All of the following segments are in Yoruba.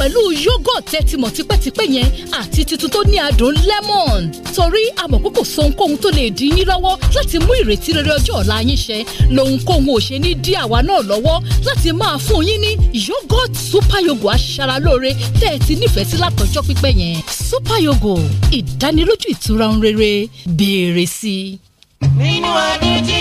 pẹ̀lú yogurt tẹ́ mọ̀ tipẹ́tipẹ́ yẹn àti tuntun tó ní adùn lemon torí àmọ̀ so ohunkóhun tó lè dín yín lọ́wọ́ láti mú ìrètí rere ọjọ́ ọ̀la yín ṣẹ lóhunkóhun ò ṣe ní dí àwa náà lọ́wọ́ láti máa fún yín ní yogurt super yogo aṣaralóore tẹ́ ẹ ti nífẹ̀ẹ́ sí látọjọ́ pípẹ́ yẹn super yogo ìdánilójú ìtura ń rere béèrè sí i. nínú àdújì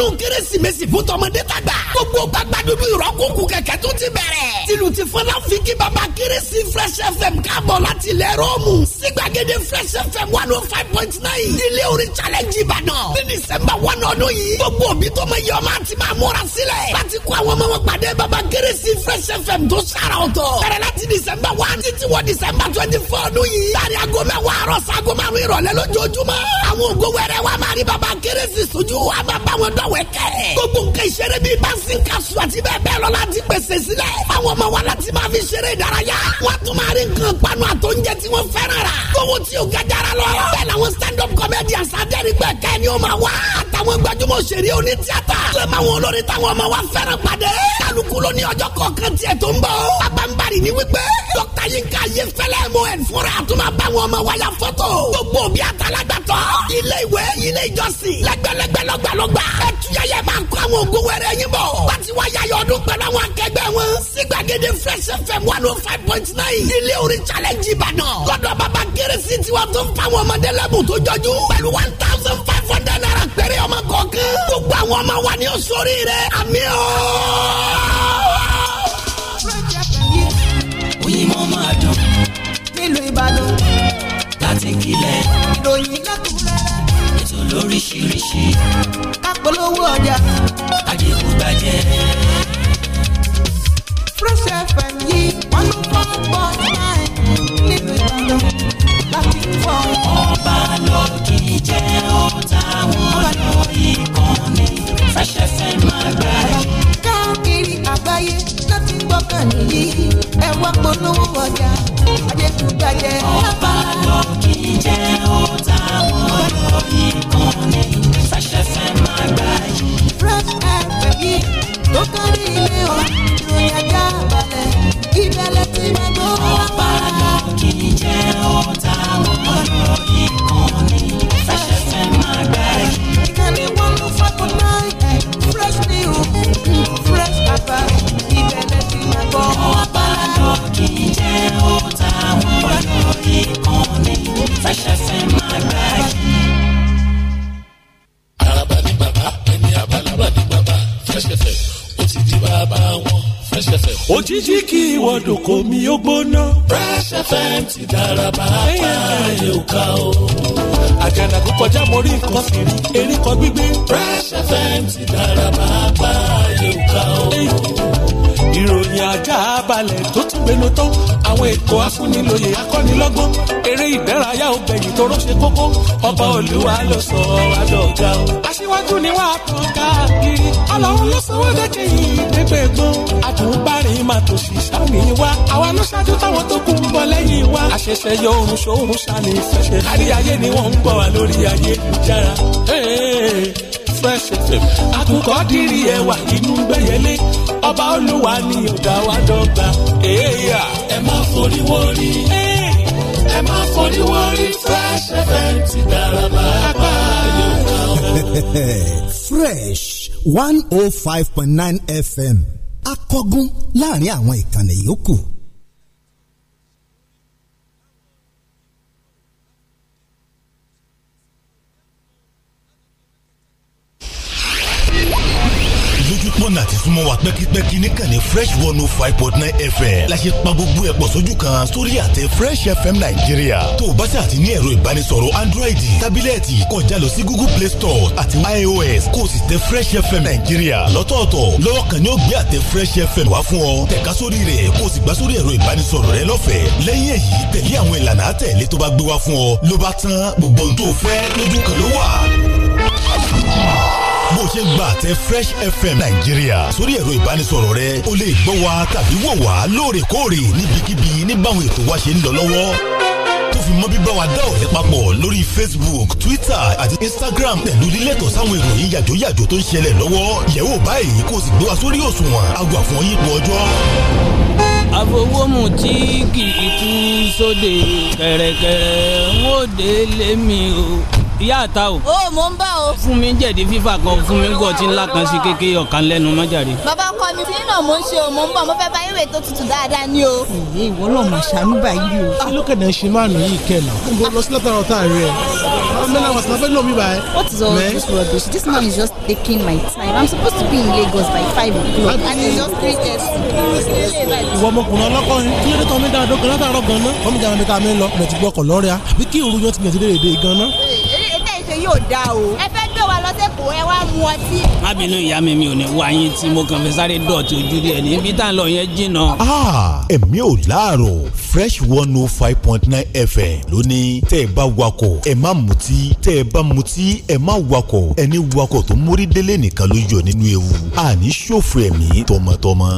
ọdún kérésìmesì fún tọmọdé tàgbà gbogbo gbàgbà dúdú ìrọ́kùnkùn kẹ̀kẹ́ kẹ̀kẹ́ tún ti bẹ̀rẹ̀. tìlù ti fọlá figi bàbá kérésì fresh fm káàbọ̀ láti ilẹ̀ rọ́ọ̀mù sí fresh fm one oh five point nine ilé orin challenge ìbàdàn ní december one ọdún yìí gbogbo òbí tó mọ iye ọmọ àti máa múra sílẹ̀ láti kó àwọn ọmọ wọn pàdé bàbá kérésì fresh fm tó sára ọ̀tọ̀ bẹ̀rẹ̀ láti december one títí wọ december twenty four ọdún yìí láàrin aago mẹ́wàá àárọ̀ sago márùn ìrọ̀lẹ́ lójoojúmọ́ àwọn ògo wẹrẹ wa máa rí bàbá kérésì sójú wa máa bá wọn dọ̀wẹ́kẹ́ gbogbo nǹkan ìṣeré bíi bá sí kásù àti bẹ́ẹ̀ bẹ́ẹ̀ pèsè sílẹ̀ fáwọn ọmọ wa láti máa fi ṣeré ìdárayá wọ́n tún máa rí nǹkan panu àtọ́njẹ tí wọ́n fẹ́ràn rà kówó tí ò gajara lọ. bẹ́ẹ̀ làwọn stand up comedians adẹ́rìgbẹ́ kẹ́ ni ó máa wá àtàwọn gbajúmọ̀ òṣèré oní tíátà lè máa wọn olórin táwọn ọmọ wa fẹ́ràn pàdé. kálukú ló ní ọjọ́ kọ̀ọ̀kan tiẹ̀ tó ń bọ̀. abambari ni wípé dókítà Yinka yé fẹ́lẹ́ mọ ẹ̀ fúnra àtúmọ̀ àbáwọn ọmọ wa ya fọ́tò. gbogbo òbí àtàlágbàtọ́ ilé ìwé ilé ìjọsìn lẹ́gbẹ̀lẹ́gbẹ̀ lọ́gbàlọ́gbà. ẹ ẹlẹgbẹ́ wọn sí gbàgede fresh fm one oh five point nine ilé orin challenge ìbàdàn lọ́dọ̀ bàbá kérésì tiwa tó ń fáwọn ọmọdé lẹ́bùn tó jọjú pẹ̀lú one thousand five hundred naira péré ọmọ kọ̀ọ̀kan gbogbo àwọn ọmọ wa ni ó sórí rẹ̀ àmì ọ́. oyinmọ máa dùn nílùú ìbàdàn láti kílẹ̀ ìròyìn lẹ́kùnrẹ́rẹ́ ètò lóríṣiríṣi kápolówó ọjà àdéhùn gbàjẹ́. Fresh FM yìí wọ́n ló fọ́ pọ̀ náà nínú Ìbàdàn láti fọ́. ọba ló kì í Fresh FM àgbà yìí. káàkiri àgbáyé láti gbọ́ kàn yìí ẹ wá polówó ọjà ajẹ́kùgbàjẹ́. ọba ló kì í jẹ́ ọ̀tá wọn lórí ìkànnì Fresh FM àgbà yìí. Fresh FM yìí tó ìbẹ̀lẹ̀ tí màá gbọ́. wọ́dọ̀ kò mí ó gbóná. Fresh FM ti dára pàápàá yóò ká o. àjànà kó kọjá mo rí nǹkan fìrí erékọ gbígbé. Fresh FM ti dára pàápàá yóò ká o ìròyìn ajá balẹ̀ tó tún gbénu tán àwọn ètò afúnilòyè akọ́nilọ́gbọ́n eré ìdárayá obìnrin tó rọ́ṣẹ́ kókó ọba olúwa ló sọ adọ́gà o. aṣíwájú ni wàá kàn káàkiri ọlọ́run ló sọ wọ́n dẹ́kẹ́ yìí dẹ́gbẹ́ gbọ́n àtúbárìn máa tò sí sámi wa àwa ló ṣáájú táwọn tó kù ń bọ̀ lẹ́yìn wa. àṣẹ̀ṣẹ̀ yọ oorun ṣòun ṣàní ìfẹsẹ̀ kárí ni wọ́n ń gbọ́ wa lórí ayélujára fresh fm àkùkọ dìrì ẹwà inú gbẹyẹlé ọba olúwa ni ó dá wa dọ́gba. ẹ má forí wọrí ẹ má forí wọrí fresh fm ti dára pàápàá fresh one oh five point nine fm akọgun láàrin àwọn ìkànnì yòókù. lọ́nà àti súnmọ́ wa pẹ́kípẹ́kí níkànnì fresh one oh five point nine fm la ṣe pa gbogbo ẹ̀ sójú kan sórí àtẹ fresh fm nàìjíríà tó o bá ṣe àti ní ẹ̀rọ ìbánisọ̀rọ̀ android tábílẹ̀tì kọjá lọ sí google play store àti ios kó o sì tẹ fresh fm nàìjíríà lọ́tọ̀ọ̀tọ̀ lọ́wọ́ kan ni ó gbé àtẹ fresh fm wá fún ọ tẹ̀ka sórí rẹ̀ kó o sì gbà sórí ẹ̀rọ ìbánisọ̀rọ̀ rẹ lọ́fẹ̀ẹ́ lẹ́yìn èyí tẹ̀lé àwọn ìlànà àtẹ̀lé tó bá gbé wá fún ọ ló bá tán gbogbo ohun tó bó ṣe ń gba fresh fm nàìjíríà sórí ẹ̀rọ ìbánisọ̀rọ̀ rẹ o lè gbọ́ wa tàbí wò wá lóòrèkóòrè níbikíbi níbàwọn ètò wa ṣe ń lọ lọ́wọ́ tó fi mọ́ bíbá wa dá ọ̀rẹ́ papọ̀ lórí facebook twitter àti instagram pẹ̀lú lílẹ̀tọ̀ sáwọn ìròyìn yàjóyàjó tó ń ṣẹlẹ̀ lọ́wọ́ yẹ̀wò báyìí kó o sì gbé wa sórí òṣùwọ̀n àgbà fún yípo ọjọ́ àfọwọ́mù tí kì í tú sóde kẹ̀rẹ̀kẹ̀rẹ̀ ń dé lémi o ìyá àta o. ó mò ń bá o. fún mi jẹ̀dí fífà kan fún mi gbọ́ tí ńlá kan sí kékeré ọ̀kan lẹ́nu mọ́jàre. bàbá ọkọ mi tí náà mò ń ṣe o mò ń bọ̀ mo fẹ́ bá ìwé tó tutù dáadáa ní o. ìwé ìwọ náà mà ṣàánú báyìí o. kí ló kẹ̀dá ṣe máa nù yìí kẹ́nà. mo lọ sí lọ́tà ọ̀tá rẹ̀. mẹ́lá wà sínú lómi bá ẹ. What is all this rubbish? This man is just taking my time. I'm supposed to be in Lagos by five o'clock and it's just three thirty. ìwọ ọmọkùnrin ọlọ́kọ̀rin kí yóò dá o. ẹ fẹ́ gbé wa lọ sẹ́kọ̀ọ́ ẹ wá mu ọtí. má bínú ìyá mi mi ò ní wá yín tí mo kàn fẹ́ sáré dọ̀tí ojú rí ẹ̀ níbi tá à ń lọ yẹn jìnnà. Ah, ẹ̀mí ò láàárọ̀ fresh one oh five point nine fm lónìí tẹ́ ẹ bá wakọ̀ ẹ má mutí tẹ́ ẹ bá mutí ẹ má wakọ̀ ẹni wakọ̀ tó mórí délé nìkan ló yọ nínú ewu àní ṣòfò ẹ̀mí tọmọtọmọ.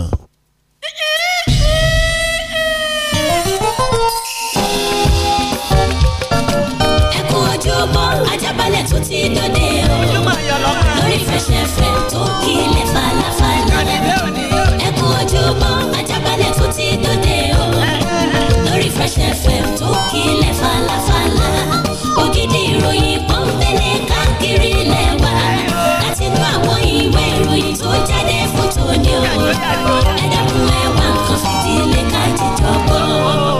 ẹ kú ojúbọ ìròyìn tún ti dòde o lórí Fresh tó kílẹ̀ falafala ẹ kú ojúmọ́ Ajaabale tún ti dòde o lórí Fresh tó kílẹ̀ falafala ògidì ìròyìn kan fẹlẹ̀ káàkiri lẹ́wà láti inú àwọn ìwé ìròyìn tó jáde fún tòní o ẹ dákun ẹ nǹkan fìdílé ká jíjọ gbọ́.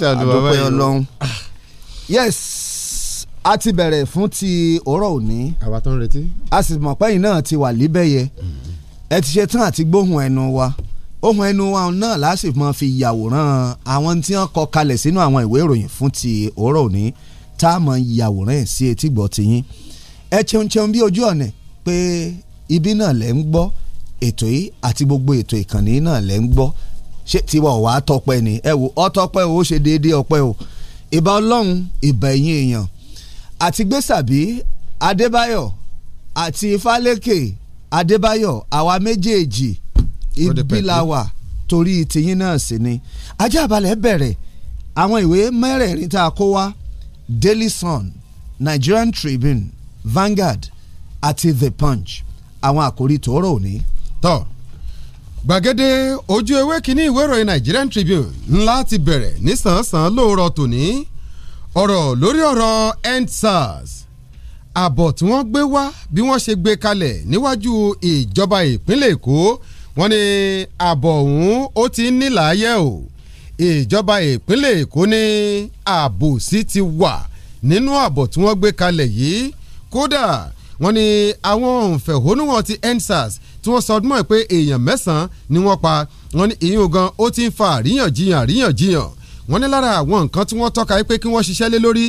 ṣàánú bàbá yìí. àdúpẹ́ yes a ti bẹ̀rẹ̀ fún ti òórọ̀ òní. àwa tó ń retí. a sì mọ̀ pẹ́yìn náà ti wà líbẹ̀yẹ mm-hmm. ẹ ti ṣe tán àti gbóhùn ẹnu wa ohun ẹnu wa náà láti máa fi yàwòrán àwọn tí wọ́n kọ kalẹ̀ sínú àwọn ìwé ìròyìn fún ti òórọ̀ òní tá a máa yàwòrán ẹ̀ sí etí gbọ́ tiyín ẹ cheun cheun bí ojú ọ̀nà pé ibi náà lẹ́ ń gbọ́ ètò yìí àti gbogbo ètò ìkànnì náà lẹ́ ń gbọ́ ṣé tiwa ò wá ni ẹ wo ọ tọpẹ́ o ó ṣe déédéé ọpẹ́ o ìbà ọlọ́run ìbà ẹ̀yin èèyàn àti gbèsàbí adébáyọ̀ àti ifálékè adébáyọ̀ àwa méjèèjì ibi la wà torí tiyín náà sì ni ajá balẹ̀ bẹ̀rẹ̀ àwọn ìwé mẹ́rẹ̀ẹ̀rin tá a kó wá Daily Sun Nigerian Tribune Vanguard àti The Punch àwọn àkòrí tòórọ́ òní. tọ́ọ̀ gbàgede ojú ewé kínní ìwé ìròyìn Nigerian Tribune ńlá ti bẹ̀rẹ̀ nísànsán lóòrọ̀ tòní ọ̀rọ̀ lórí ọ̀rọ̀ EndSARS àbọ̀ tí wọ́n gbé wá bí wọ́n ṣe gbé kalẹ̀ níwájú ìjọba ìpínlẹ̀ Èkó wọ́n ní àbọ̀ ọ̀hún ó ti ń nílàáyẹ̀ o ìjọba ìpínlẹ̀ Èkó ní àbòsí ti wà nínú àbọ̀ tí wọ́n gbé kalẹ̀ yìí kódà wọ́n ní àwọn òǹfẹ̀hónúhàn ti EndSARS tí wọ́n sọ ọdún mọ́ pé èèyàn mẹ́sàn-án ni wọ́n pa wọ́n ní ìyún gan ó ti ń fa àríyànjiyàn àríyànjiyàn wọ́n ní lára àwọn nǹkan tí wọ́n tọ́ka pé kí wọ́n ṣiṣẹ́ lé lórí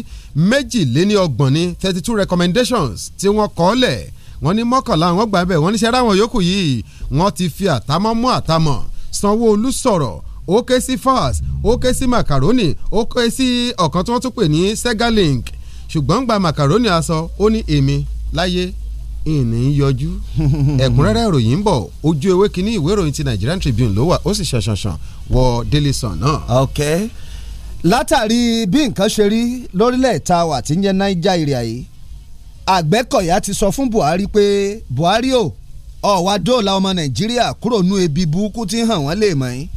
méjìléníọgbọ̀n ní thirty two recommendations tí wọ́n kọ́ lẹ̀ wọ́n ní mọ́kànlá wọ́n gbà bẹ́ẹ̀ wọ́n ní sẹ́ra àwọn yòókù yìí wọ́n ti fi àtàmọ́ mú àtàmọ́ Sanwó-Olú sọ̀rọ̀ ó ké sí fars ó ké sí macaroni ó ké sí ọ̀kan tí wọ́n tún pè ní segalink ṣùgbọ́n gba macaroni aṣọ ó ní èmi láyé ìní ń yọjú ẹ̀kúnrẹ́rẹ́ ìròyìn ń bọ̀ ojú ewé kínní ìwé ìròyìn ti Nigerian Tribune ló wà ó sì ṣàṣàṣàn wọ Daily Sun náà. ok látàrí bí nǹkan ṣe rí lórílẹ̀ ta wà tí ń jẹ́ Nàìjíríà yìí Àgbẹ̀kọ̀yà ti sọ fún Buhari pé Buhari o ọ̀wá dóòlà ọmọ Nàìjíríà kúrò nú ebi burúkú tí ń hàn wọ́n lè mọ̀ yín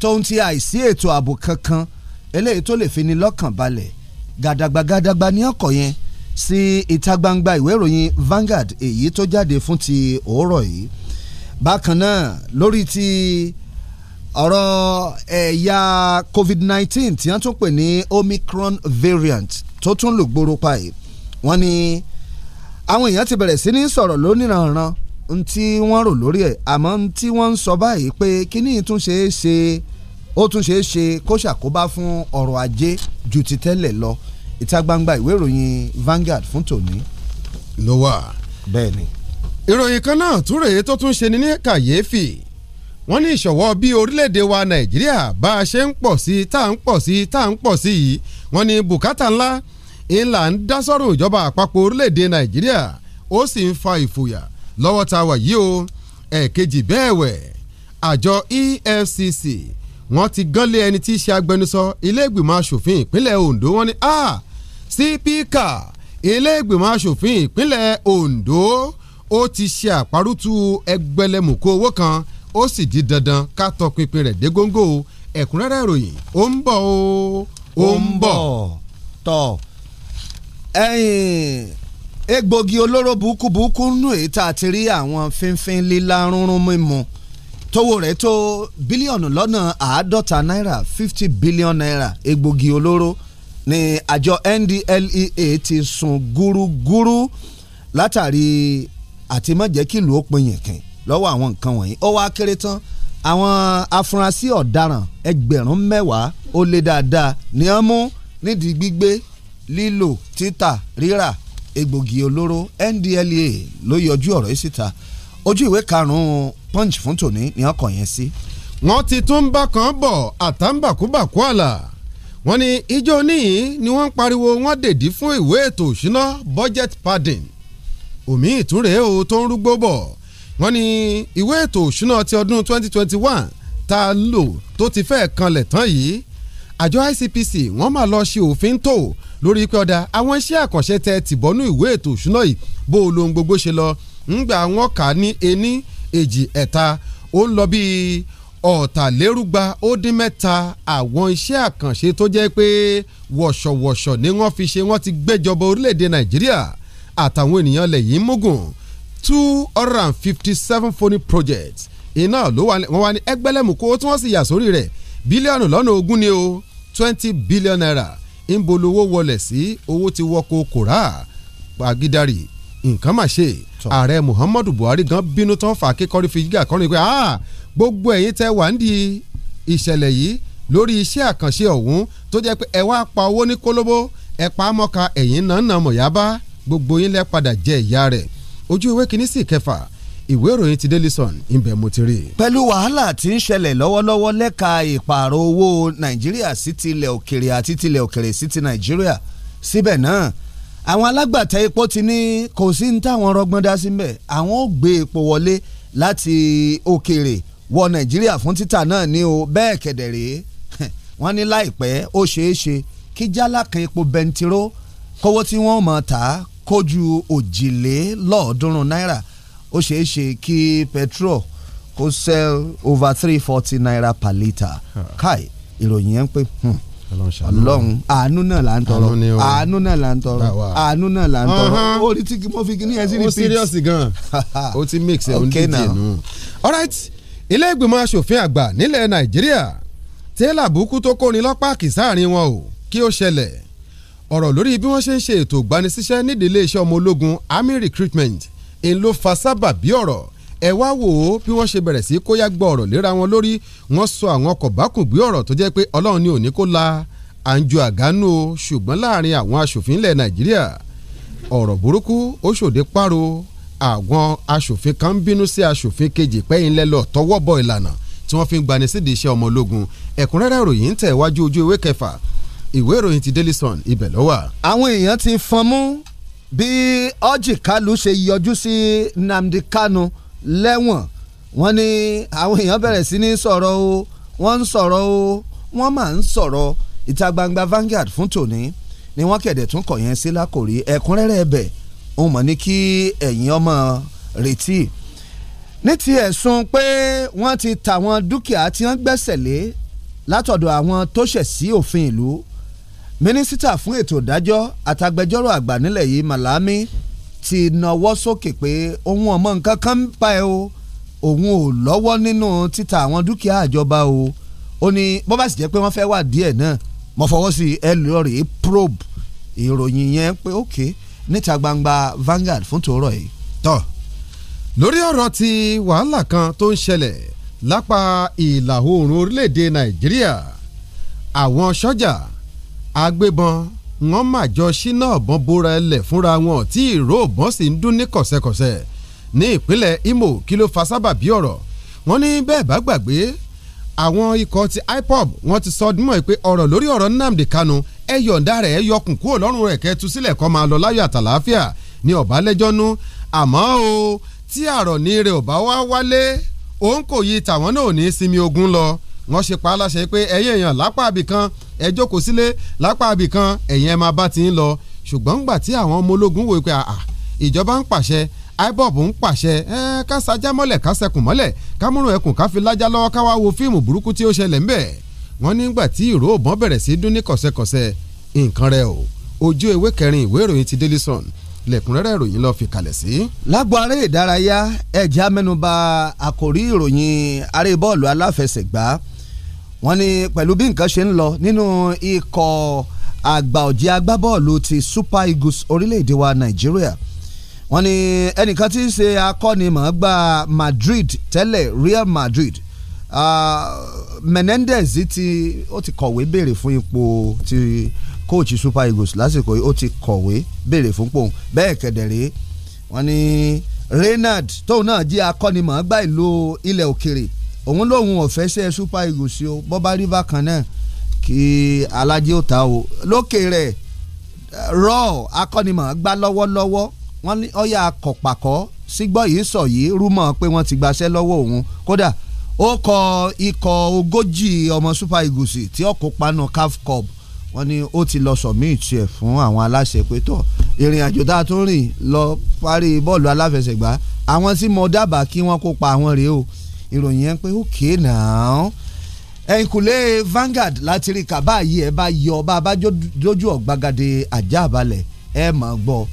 tóun ti àìsí ètò ààbò kankan eléyìí tó lè fi ni lọ́kàn balẹ̀ gàdàgbà ní ọkọ̀ yẹn sí ìta gbangba ìwé ìròyìn Vanguard èyí tó jáde fún ti òórọ̀ yìí bákan náà lórí ti ọ̀rọ̀ ẹ̀yà COVID-19 tí wọ́n tún pè ní Omicron variant tó tún lùgbòrò pa yìí wọ́n ní àwọn èèyàn ti bẹ̀rẹ̀ sí ní sọ̀rọ̀ lóníranran n tí wọ́n rò lórí ẹ̀ àmọ́ n tí wọ́n ń sọ báyìí pé kíní tún ṣe é ṣe ó tún ṣe é ṣe kó ṣàkóbá fún ọrọ̀ ajé ju ti tẹ́lẹ̀ lọ ìta gbangba ìwé ìròyìn Vanguard fún tòní. ló wà. bẹ́ẹ̀ ni. ìròyìn kan náà tún rèé tó tún ṣe ní ní kàyéfì wọ́n ní ìṣọ̀wọ́ bí orílẹ̀-èdè wa Nàìjíríà bá a ṣe ń pọ̀ sí i tá à ń pọ̀ sí i tá à ń pọ̀ sí i wọ́n ní bùkátà ńlá ńlá ń dá sọ́rọ̀ ìjọba àpapọ̀ orílẹ̀-èdè Nàìjíríà ó sì ń fa ìfòyà lọ́wọ́ ta wà yìí o ẹ̀ẹ̀kejì bẹ́ẹ̀ wẹ̀ àjọ EFCC wọ́n ti gánlé ẹni tí í ṣe agbẹnusọ ilé ìgbìmọ̀ asòfin ìpínlẹ̀ Ondo wọ́n ní a sípíkà ilé ìgbìmọ̀ asòfin ìpínlẹ̀ Ondo ó ti ṣe àparùtù ẹgbẹlẹmùkú owó kan ó sì di dandan ká tọpinpin rẹ̀ dé góńgó ẹ̀kúnrẹ́rẹ́ ìròyìn ó ń bọ̀ ó ń bọ̀ tọ̀ ẹ̀yìn egbògi olóró burúkú burúkú nù èyí tá a ti rí àwọn fínfín líla rúnrún mímu tówó rẹ̀ tó bílíọ̀nù lọ́nà àádọ́ta náírà fifty billion naira egbògi olóró ni àjọ NDLEA ti sun gúrúgúrú látàrí àti má jẹ́ kí ìlú ó pin yìnkìn lọ́wọ́ àwọn nǹkan wọ̀nyí ó wá kéré tán àwọn afurasí ọ̀daràn ẹgbẹ̀rún mẹ́wàá ó lé dáadáa ni wọ́n mú nídìí gbígbé lílò títà rírà egbògi olóró NDLEA ló yọjú ọ̀rọ̀ yìí síta. Si ojú ìwé karùn punch fún tòní ni wọ́n kàn yẹn sí. wọ́n ti tún bá kan bọ̀ àtàǹbàkúbàkú àlà wọ́n ní ijó níyìn ni wọ́n ń pariwo wọ́n dèdí fún ìwé ètò òṣùná budget padding omi ìtúrẹ́ o tó ń rúgbó bọ̀ wọ́n ní ìwé ètò òṣùná ti ọdún 2021 tá a lò tó ti fẹ́ẹ̀ kanlẹ̀ tán yìí àjọ ICPC wọ́n máa lọ ṣe òfin tó lórí pé ọ̀dà àwọn iṣẹ́ àkànṣe tẹ tìbọ́nú ìwé ètò òṣùná yìí bó o lohun gbogbo ṣe lọ ńgbà wọn kà ní ení èjì ẹ̀ta ó ń lọ bí ọ̀tàlérúgba ó dín mẹ́ta àwọn iṣẹ́ àkànṣe tó jẹ́ pé wọ̀ṣọ̀wọ̀ṣọ̀ ni wọ́n fi ṣe wọ́n ti gbẹ́jọba orílẹ̀‐èdè nàìjíríà àtàwọn ènìyàn lẹ̀ yìí mógùn two hundred and fifty seven phony projects iná ló wà ní ẹgbẹ́lẹ́mù kó tí wọ́n sì yà sórí rẹ̀ bílíọ̀nù lọ́nà ogún ni o twenty billion naira ń bolówó wọlé sí owó tí wọ́kọ̀ kòrá pàgídárì nǹkan mà ṣe ààrẹ Muhammadu Buhari gan bínú tán fà kíkọrí fi yíga kọrin pé gbogbo ẹ̀yin tẹ́ wà ń di ìṣẹ̀lẹ̀ yìí lórí iṣẹ́ àkànṣe ọ̀hún tó jẹ́ pé ẹ wá pa owó ní kólóbó ẹ pa á mọ́ka ẹ̀yin náà nà mọ̀yábá gbogbo yín lẹ́ padà jẹ ìyá rẹ̀ ojú ìwé kìíní sí kẹfà ìwé ìròyìn ti Daily Sun ibẹ̀ mo ti rí. pẹ̀lú wàhálà tí ń ṣẹlẹ̀ lọ́wọ́lọ́wọ́ lẹ́ka ìpààrọ̀ owó nàìjíríà sí tilẹ̀ òkèrè àti tilẹ̀ òkèrè sí ti nàìjíríà síbẹ̀ náà àwọn alágbàtà epo ti ní kò sí ní táwọn rọgbọ́n dá sí mbẹ̀ àwọn ò gbé epo wọlé láti òkèèrè wọ nàìjíríà fún títà náà ní o bẹ́ẹ̀ kẹ̀dẹ̀rẹ́ wọ́n ní láìpẹ́ ó ṣeé ṣe kí jálá kan epo bẹntiró kówó tí wọ́n mọ̀ ta kójú òjìlélọ́ọ̀ọ́dúnrún náírà ó ṣeé ṣe kí petrol kó sell over three forty naira per litre káì ìròyìn yẹn ń pè. Hmm ọlọ́run àánú náà là ń tọrọ àánú náà là ń tọrọ àánú náà là ń tọrọ orí tí mo fi kí ẹ sí repeat. o serious gan o ti mix ẹ o ní díẹ̀ nù. alright ilé ìgbìmọ̀ asòfin àgbà nílẹ̀ nàìjíríà tẹ́lá burúkú tó kóni lọ́pàá kì sáàrin wọn o kí ó ṣẹlẹ̀ ọ̀rọ̀ lórí bí wọ́n ṣe ń ṣe ètò ìgbanisíṣẹ́ nídìí iléeṣẹ́ ọmọ ológun army recruitment ń ló fa sábà bí ọ̀rọ̀ ẹ wá wò ó bí wọ́n ṣe bẹ̀rẹ̀ sí kóyá gbọ́ ọ̀rọ̀ léra wọn lórí wọ́n sọ àwọn kọ̀bákùngbé ọ̀rọ̀ tó jẹ́ pé ọlọ́run ni òní kó la àǹjọ àgánú o ṣùgbọ́n láàrin àwọn aṣòfin ilẹ̀ nàìjíríà ọ̀rọ̀ burúkú ó ṣòde páro àwọn aṣòfin kan ń bínú sí aṣòfin kejì pẹ́yìn lẹ́lọ tọwọ́ bọ ìlànà tí wọ́n fi ń gbani sídìí iṣẹ́ ọmọ ológun ẹ̀kúnrẹ́rẹ́ ìròyìn ń tẹ̀ wájú ojú ewé kẹfà ìwé ìròyìn ti Daily Sun ibẹ̀ ló àwọn èèyàn ti fọn bí Orji Kalu ṣe yọjú sí Nnamdi Kanu lẹ́wọ̀n wọ́n ní àwọn èèyàn bẹ̀rẹ̀ sí ní sọ̀rọ̀ o wọ́n ń sọ̀rọ̀ o wọ́n máa ń sọ̀rọ̀ ìta gbangba Vanguard fún tòní ni wọ́n kẹ̀dẹ̀ tún kọ̀ yẹn sí lákòrí ẹ̀kúnrẹ́rẹ́ ẹ̀bẹ̀ òun mọ̀ ní kí ẹ̀yin ọmọ retí ní ti ẹ̀sùn pé wọ́n ti ta àwọn dúkìá tí wọ́n gbẹ́sẹ̀ lé látọ̀dọ̀ àwọn tó ṣẹ̀ sí òfin ìlú mínísítà fún ètò ìdájọ́ àtàgbẹjọ́rò àgbà nílẹ̀ yìí Malami ti nawọ́ sókè pé òun ọmọ nǹkan kan ń pa ẹ o òun ò lọ́wọ́ nínú títa àwọn dúkìá àjọba o ó ní bó bá sì jẹ́ pé wọ́n fẹ́ wà díẹ̀ náà mo fọwọ́ sí ẹ probe ìròyìn yẹn pé ok níta gbangba Vanguard fún tòórọ̀ yìí. tọ́ lórí ọ̀rọ̀ ti wàhálà kan tó ń ṣẹlẹ̀ lápá ìlà oòrùn orílẹ̀‐èdè Nàìjíríà àwọn sọ́jà agbébọn wọ́n mà jọ ṣínà ọ̀bọ̀n bóra ẹlẹ̀ fúnra wọn tí ìró ọ̀bọ̀n sì ń dún ní kọ̀sẹ̀kọ̀sẹ̀ ní ìpínlẹ̀ Imo kí ló fa sábàbí ọ̀rọ̀ wọ́n ní bẹ́ẹ̀ bá gbàgbé àwọn ikọ̀ ti IPOB wọ́n ti sọ dímọ̀ pé ọ̀rọ̀ lórí ọ̀rọ̀ Nnamdi Kanu ẹ yọ̀ǹda rẹ̀ ẹ yọkùn kúrò lọ́rùn rẹ̀ kẹ́ tú sílẹ̀ máa lọ láyọ̀ àtàlàáfíà ní ọ̀bálẹ́jọ́nú àmọ́ o tí àrọ̀ ní rẹ̀ ọ̀bá wá wálé òun kò yí tàwọn náà ní sinmi ogun lọ wọ́n ṣe pa á láṣẹ pé ẹ̀yìn èèyàn lápá abìkan ẹ jókòó sílé lápá ibì kan ẹ̀yin ẹ máa bá ti ń lọ ṣùgbọ́n gbà tí àwọn ọmọ ológun wòye pé àà ìjọba ń pàṣẹ ibob ń pàṣẹ ẹ ká sajá mọ́lẹ̀ ká sẹkùn mọ́lẹ̀ ká múrun ẹkùn ká fi lájá lọ́wọ́ ká wá wo fíìmù burúkú tí ó ṣẹlẹ̀ ńbẹ̀ wọ́n nígbà tí ìró òbọ̀n bẹ̀rẹ̀ sí dún ní kọ̀sẹ̀kọ̀sẹ̀ nǹkan rẹ o ojú ewé kẹrin ìwé ìròyìn ti Daily Sun ìròyìn lọ́ọ́ fi kalẹ̀ sí. lágbo aré ìdárayá ẹ̀jẹ̀ amẹ́nubà àkòrí ìròyìn aré bọ́ọ̀lù aláfẹsẹ̀gbá wọ́n ní pẹ̀lú bí nǹkan ṣe ń lọ nínú ikọ̀ àgbà ọ̀jẹ̀ agbábọ́ọ̀lù ti Super Eagles orílẹ̀-èdè wa Nàìjíríà wọ́n ní ẹnìkan tí ń ṣe akọ́nimọ̀ọ́gbà Madrid tẹ́lẹ̀ Real Madrid uh, Menendez ti ó ti kọ̀wé béèrè fún ipò ti kóòtù Super Eagles lásìkò ó ti kọ̀wé béèrè fún pòun bẹ́ẹ̀ kẹ̀dẹ̀rẹ́ wọ́n ní Reynard tóun náà jẹ́ akọ́nimọ̀ọ́gbà ìlú ilẹ̀ òkèrè òun lòun ò fẹ́ ṣe super eagles o bọ́bá rí bákan náà kí alájẹ́ ò ta o lókè rẹ̀ raw akọ́nimọ̀ gbá lọ́wọ́lọ́wọ́ wọ́n ní ọ̀yà akọ̀pàkọ́ sígbọ́ yìí sọ yìí rúmọ̀ pé wọ́n ti gbaṣẹ́ lọ́wọ́ òun kódà ó kọ ikọ̀ ogójì ọmọ super eagles tí ó kópa nù caf cup wọ́n ní ó ti lọ submit ẹ̀ fún àwọn aláṣẹ pé tọ̀ ìrìn àjò tá a tún rìn lọ parí bọ́ọ̀lù aláfẹsẹ̀gbá àwọn tí mo dábàá kí wọ́n kópa àwọn rèé o ìròyìn yẹn pé okay now ẹ̀yìnkùlé Vanguard láti rí kà báyìí ẹ bá yọ ọba abájọ́jú ọ̀gbagadé ajá balẹ̀ ẹ máa gbọ́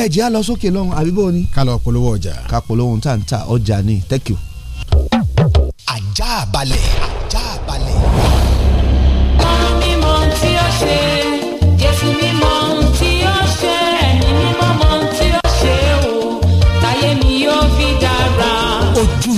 ẹ jẹ́ á lọ sókè lọ́hùn àbíbó ni. ká lọ polówó ọjà. ká polówó ohun tá n ta ọjà ni thank you. ajá balẹ̀ ajá balẹ̀. ọmọ mímọ tí ó ṣe jésù mímọ.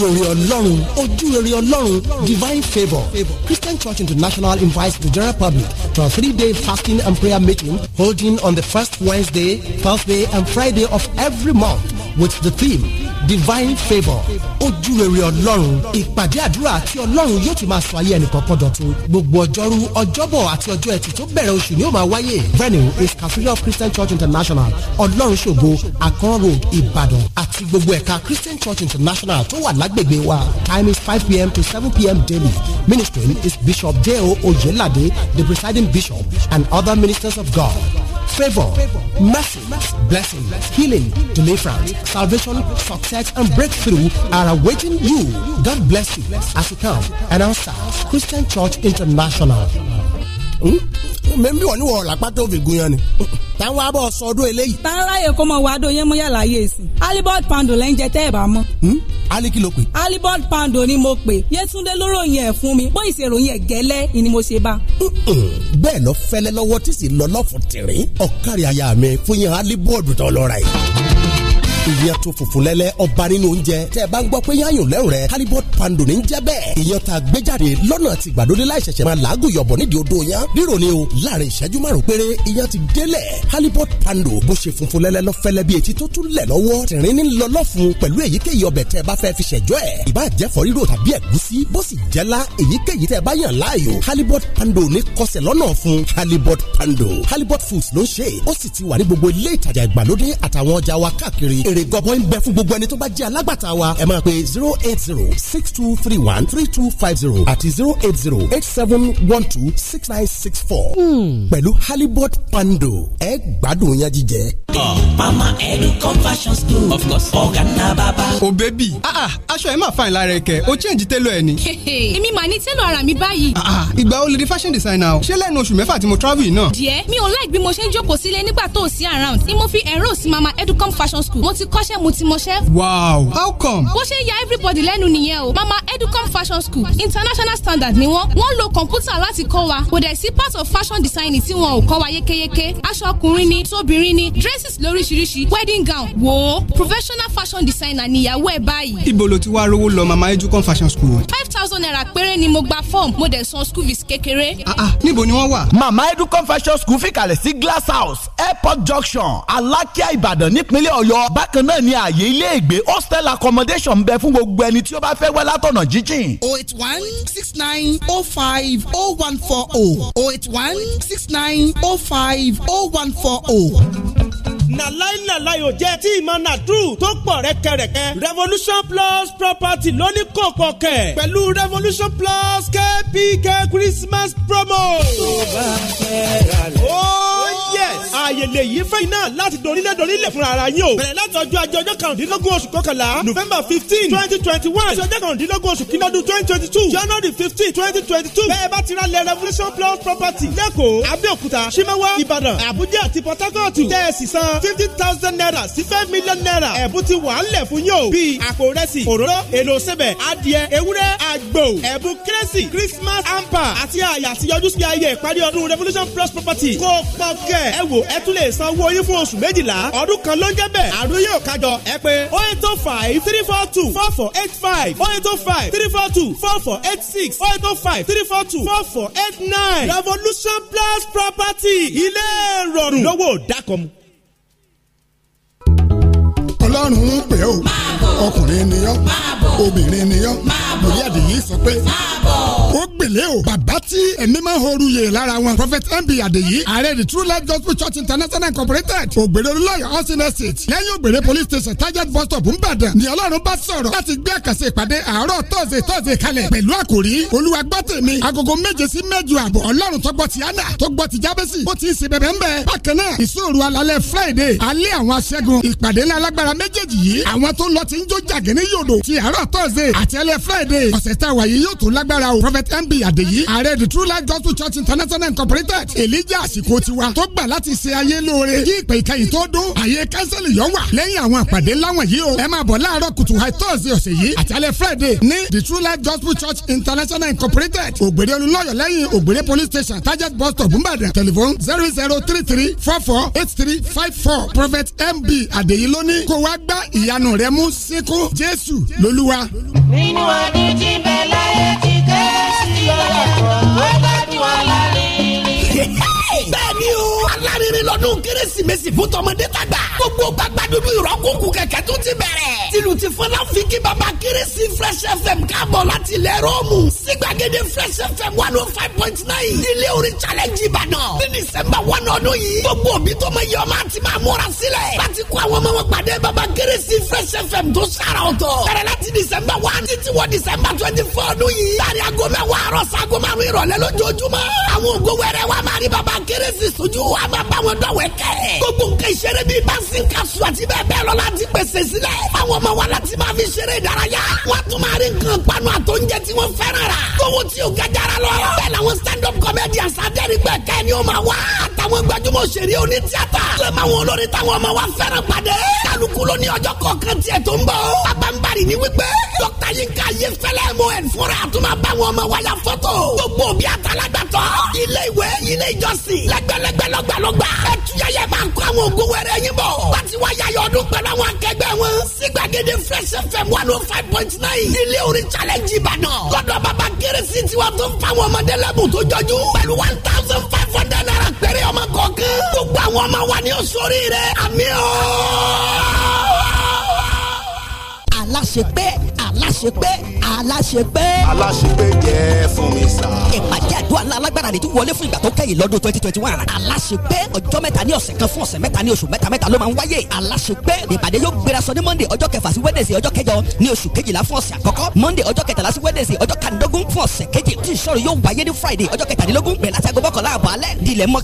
rere ọlọ́run ojú rere ọlọ́run divine favour christian church international invites the general public to a three-day fasting and prayer meeting holding on the first wednesday thursday and friday of every month with the theme divine favour ojúrere ọlọ́run ìpàdé àdúrà àti ọlọ́run yóò ti máa sọ ayé ẹnìkọ̀ọ̀kan dọ̀tun gbogbo ọjọ́rú ọjọ́bọ̀ àti ọjọ́ ẹtì tó bẹ̀rẹ̀ oṣù ni ó máa wáyé venue is cathedral christian church international ọlọ́run ṣògo Akonro road ìbàdàn àti gbogbo ẹ̀ka christian church international tó wà lágbàá wa time is five pm to seven pm daily ministering is bishop deo oyelade the presiding bishop and other ministers of god favor mercy blessing healing deliverance salvation success and breakthrough are awaiting you god bless you as you come announcer christian church international mẹ́mbí wọ̀ ní wọ̀ làpá tó fi gun yan ni táwọn abọ́ sọdún eléyìí. tàǹráyè kó mọ wàá do yẹn mú yàrá yé sí. alibod pando lẹ́ ń jẹ tẹ́ ẹ̀ bá mọ́. Hmm? ali kí ló pè. alibod pando ni mo pè yétúndé ló ròyìn ẹ̀ fún mi bó ìṣèròyìn ẹ̀ gẹ́lẹ́ ni mo ṣe bá. Hmm, bẹ́ẹ̀ lọ fẹ́lẹ́ lọ́wọ́ tí sì lọ lọ́fọ̀ọ́ tẹ̀rín ọ̀kárí aya mi fún yẹn alibod tó lọ́ra yìí ìyẹn tó funfun lẹ́lẹ́ ọba nínú oúnjẹ tẹ́ ẹ bá ń gbọ́ pé yáyùn lẹ́rù rẹ halibut pando ní jẹ́ bẹ́ẹ̀ ìyẹn tá a gbé jáde lọ́nà àti ìgbàlódé láìṣẹ̀ṣẹ̀ máa làágùn yọ̀bọ̀ nídìí odò yẹn rírò ni o láàrin ìṣẹ́jú márùn péré ìyẹn ti délẹ̀ halibut pando bó ṣe funfun lẹ́lẹ́ lọ fẹ́lẹ́ bí etí tó tún lẹ̀ lọ́wọ́ tìrín ní lọ lọ́fun pẹ̀lú èyíkéyìí ọbẹ̀ tẹ́ ẹ bá fẹ́ èrè gọbọ ń bẹ fún gbogbo ẹni tó bá jẹ́ alágbàtà wa ẹ máa pe zero eight zero six two three one three two five zero àti zero eight zero eight seven one two six nine six four hmm. pẹ̀lú halibut pando ẹ gbádùn yẹn jíjẹ. Oh, mama Edu fashion school of course ọ̀gá ná bàbá. o oh, bẹ́bí ah, ah, aṣọ ẹ̀ máa fa ìlara ẹ̀kẹ́ o change télọ̀ ẹ̀ ni. èmi màá ní télọ̀ ara mi báyìí. Ah, ìgbà wo lè di fashion designer o ṣé lẹ́nu oṣù mẹ́fà tí mo travel yìí náà. díẹ̀ mi ò like bí mo ṣe ń jókòó sílé nígbà tó o sí around ni mo fi ẹ̀rọ sí mama educom fashion school mo ti ti kọ́ṣẹ́ mo ti mọṣẹ́. wow how come. bó ṣe ń ya everybody lẹ́nu nìyẹn o mama educom fashion school international standard ni wọ́n wọ́n lo kọ̀ǹpútà láti kọ́ wa kò dẹ̀ sí part of fashion design tí wọn ò kọ́ wa yékéyéké aṣọ ọkùnrin ni tóbìnrin ni dresses lóríṣiríṣi wedding gown wo professional fashion designer níyàwó ẹ̀ báyìí. ibo lo ti wá rówó lọ mama educom fashion school. five thousand naira péré ni mo gba fọ́ọ̀mù mo dẹ̀ san school fees kékeré. ah ah níbo ni wọ́n wà. mama educom fashion school fìkàlẹ̀ sí glass house airport junction alákíá ìbàdàn nípínlẹ̀ ọ̀yọ́ bákan bákan náà ni ààyè ilé ìgbé hostel accommodation bẹ fún gbogbo ẹni tí ó bá fẹ́ wá látọ̀nà jíjìn. o oh eight one six nine oh five oh one four oh oh eight one six nine oh five oh one four oh. na láìláì ò jẹ́ tí ìmọ̀ nàdúrù tó pọ̀ rẹ́kẹrẹ́kẹ́ revolution plus property lóní kòkò kẹ̀ pẹ̀lú revolution plus kpk christmas promo. tó bá fẹ́ ra lẹ̀. ó oh yẹ àyèlè yìí fẹ́ iná láti dorílẹ̀ dorílẹ̀ fúnra ara yín o bẹ̀rẹ̀ látọ̀ ọjọ́ ajé ọjọ́ kàrúndínlógún oṣù kọkànlá november fifteen twenty twenty one ọjọ́ kàrúndínlógún oṣù kìnnàdún twenty twenty two january fifteen twenty twenty two bẹ́ẹ̀ bá ti ra lẹ̀ revolution plus property lẹ́kọ̀ọ́ abẹ́òkúta simawa ìbàdàn àbújá àti port harcourt tẹ́ san fifty thousand naira sí five million naira ẹ̀bùn ti wà á lẹ̀ fún yóò bíi àpò rẹsì òróró èlò sẹ́bẹ̀ adìẹ ewúrẹ́ àgbò ẹ̀bùn kérésì christmas hamper àti àyà àtijọ́jú sí ayé ìparí ọdún revolution plus property kó pọ̀ kẹ́ ẹ wò ẹ tún lè san owó yín fún oṣù méjìlá ọdún kan ló ń jẹ́ bẹ́ẹ̀ àdúyò yóò kájọ ẹ pé oh eight oh five three four two four four eight five oh eight oh five three four two four four eight six oh eight oh five three four two four four eight nine revolution plus property ilé ìrọ̀rùn lọ́wọ́ dákọ̀mù. ọlọ́run ń pè ó ọkùnrin ni ọ́ obìnrin ni ọ́ lórí àdìyí sọ pé. ó gbèlè o bàbá tí ẹ̀mí máa horu yèrè lára wọn. prophet mb àdìyí ààrẹ the true life gospel church international incorporated ògbèrè olùlọ́yọ̀ ọ̀sìn estate lẹ́yìn ògbèrè police station target bus stop ńbàdàn ni ọlọ́run bá sọ̀rọ̀ láti gbé àkàsẹ̀ ìpàdé àárọ̀ tọ́sẹ̀ tọ́sẹ̀ kalẹ̀ pẹ̀lú àkòrí olúwa gbọ́ tèmi agogo méje sí mẹ́jọ àbọ̀ ọlọ́run tó ti anna tó ti jábẹ́sì ó ti ṣe bẹ̀bẹ̀ ń bẹ̀ bákan náà ìṣòro alalẹ́ friday alẹ́ àwọn aṣẹ́gun ìpàdé ńlá alágbára méjèèjì yìí àwọn tó lọ ti ń jó jàgínní yòdò ti àárọ̀ tọ́sẹ̀ àti alẹ́ friday friday ọ̀sẹ̀ tá a wà yìí yóò tún lágbára o prophet mb adeyi ààrẹ the true life gospel church international incorporated elijah àsìkò tiwa tó gbà láti ṣe ayé lóore kí ìpè ìkẹyìn tó dún àyè kánsẹ́lì yọ wà lẹ́yìn àwọn àpàdé láwọn yìí o ẹ máa bọ̀ láàárọ̀ kùtù high thursday ọ̀sẹ̀ yìí àtàlẹ́ friday ní the true life gospel church international incorporated ògbèrè olùlọ́yọ̀ lẹ́yìn ògbèrè police station target bus stop nìbàdàn telephone zero zero three three four four eight three five four prophet mb adeyi lónìí kó wá gbá ìyanu rẹ mú síkú jésù lolúwa. nínú adé ti bẹ̀ láyé ti kẹ́sì lọ́yà. lónìí lọ́dún kérésìmesì fún tọmọdé tàgbà. gbogbo gbàgbádùn ìrọ́kùnkùn kẹ̀kẹ́ tún ti bẹ̀rẹ̀. tìlù ti fọlá fíkì bàbá kérésì fresh fm káàbọ̀ láti ilẹ̀ rọ́ọ̀mù. sí fresh fm one oh five point nine. ilé orin challenge ìbàdàn. ní december one ọdún yìí. gbogbo òbí tó mọ iye ọmọ àti máa múra sílẹ̀. láti kó àwọn ọmọ wọn pàdé bàbá kérésì fresh fm tó sára ọ̀tọ̀. bẹ̀rẹ̀ december one títí december twenty four ọdún yìí. láàrin aago mẹ́wàá àárọ̀ sago márùn-ún ìrọ̀lẹ́ lójoojúmọ́. àwọn ògo wẹrẹ wa máa rí bàbá ọlọ́dọ̀wẹ́kẹ́. gbogbo nǹkan ìṣeré bíi báńsì kaṣu àti bẹ́ẹ̀ bẹ́ẹ̀ lọ láti pèsè sílẹ̀. fáwọn ọmọ wa láti máa fi ṣeré ìdárayá. wọ́n tún máa rí nǹkan panu àtọ́njẹ tí wọ́n fẹ́ràn rà. owó tí ò ga jara lọ. bẹ́ẹ̀ làwọn stand up comedian sadẹ́rì gbẹ̀ kẹ́ ni ó máa wá. àtàwọn gbajúmọ̀ òṣèré oní tíátà. lè máa wọn olórin táwọn ọmọ wa fẹ́ràn pàdé. kálukú ni wípé. dókítà yín ká yé fẹ́lẹ́ mọ ẹ̀ fúnra àtúmọ̀ àbáwọn ọmọ wa ya fọ́tò. gbogbo òbí àtàlágbàtọ́. ilé ìwé ilé ìjọsìn lẹ́gbẹ̀lẹ́gbẹ̀ lọ́gbàlọ́gbà ẹtúyẹyẹ máa kó àwọn ògo wẹrẹ yín bọ̀. láti wá yàyọ̀ ọdún pẹ̀lú àwọn akẹgbẹ́ wọn. sí gbàgede fresh fm one oh five point nine. ilé orin challenge ìbàdàn. lọ́dọ̀ bàbá kérésì tiwa tó ń fa àwọn ọmọdé lẹ́bùn tó jọjú. pẹ̀lú one thousand five hundred naira péré ọmọ kọ̀ọ̀kan. gbogbo àwọn ọmọ wa ni ó sórí rẹ̀. àmì ọ̀ aláṣepẹ́ aláṣepé aláṣepé. aláṣepé jẹ́ fún mi sá. ìpàdé àdúrà alágbára lè ti wọlé fún ìgbà tó kẹ́yìn lọ́dún twenty twenty one. aláṣepé ọjọ́ mẹ́ta ní ọ̀sẹ̀ kan fún ọ̀sẹ̀ mẹ́ta ní oṣù mẹ́ta mẹ́ta ló máa ń wáyé. aláṣepé ìpàdé yóò gbéra sọ ní monday ọjọ́ kẹfà sí wednesday ọjọ́ kẹjọ ní oṣù kejìlá fún ọ̀sẹ̀ àkọ́kọ́ monday ọjọ́ kẹtàlá sí wednesday ọjọ́ kàndógún fún ọ̀sẹ̀ kejì tí ìṣòro yóò wáyé ní friday ọjọ́ kẹtàdínlógún bẹ̀rẹ̀ láti agogo kọ̀ọ̀lá àbọ̀ alẹ́ dilẹ̀ mọ́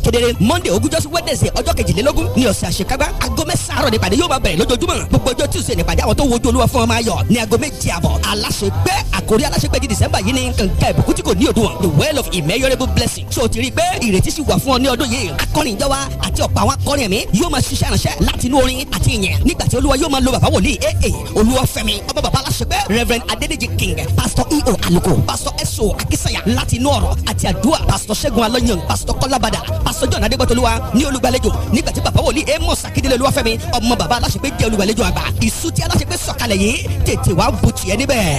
monday ogúnjọ́ sí wednesday ọjọ́ kejìlélógún ní ọ̀sẹ̀ àṣekágbá aago mẹ́sàn-án àárọ̀ nípàdé yóò máa bẹ̀rẹ̀ lójoojúmọ́ gbogbo ọjọ́ tuesday nípàdé àwọn tó wojú olúwa fún ọmọ ayọ̀ ní aago méje káàbọ̀ aláṣepẹ́ àkórí aláṣepẹ́jì december yìí ni nǹkan ìbùkún tí kò ní òdiwọ̀n the well of immeasurable blessing so ti rí i pé ìrètí sì wà fún ọ ní ọdún yìí akọrin ìjọ wa àti ọ̀pọ̀ àwọn akọrin ẹ̀mí yóò máa ṣiṣẹ́ ìránṣẹ́ láti inú orin àti ìyẹn nígbà tí olúwa yóò máa lo bàbá wòlíì aa olúwa fẹ́mi ọba bàbá aláṣepẹ́ reverend adedeji king pastor eo aluko pastor eso akisanya láti inú ọ̀rọ̀ pastor ṣẹ́gun alọ́yàn pastor kọ́lábàdà pastor john adégbòtolúwa ní olùgbàlejò nígbà tí bàbá wòlíì amos akíndélé olúwa fẹ́mi ọmọ tiẹ̀ níbẹ̀.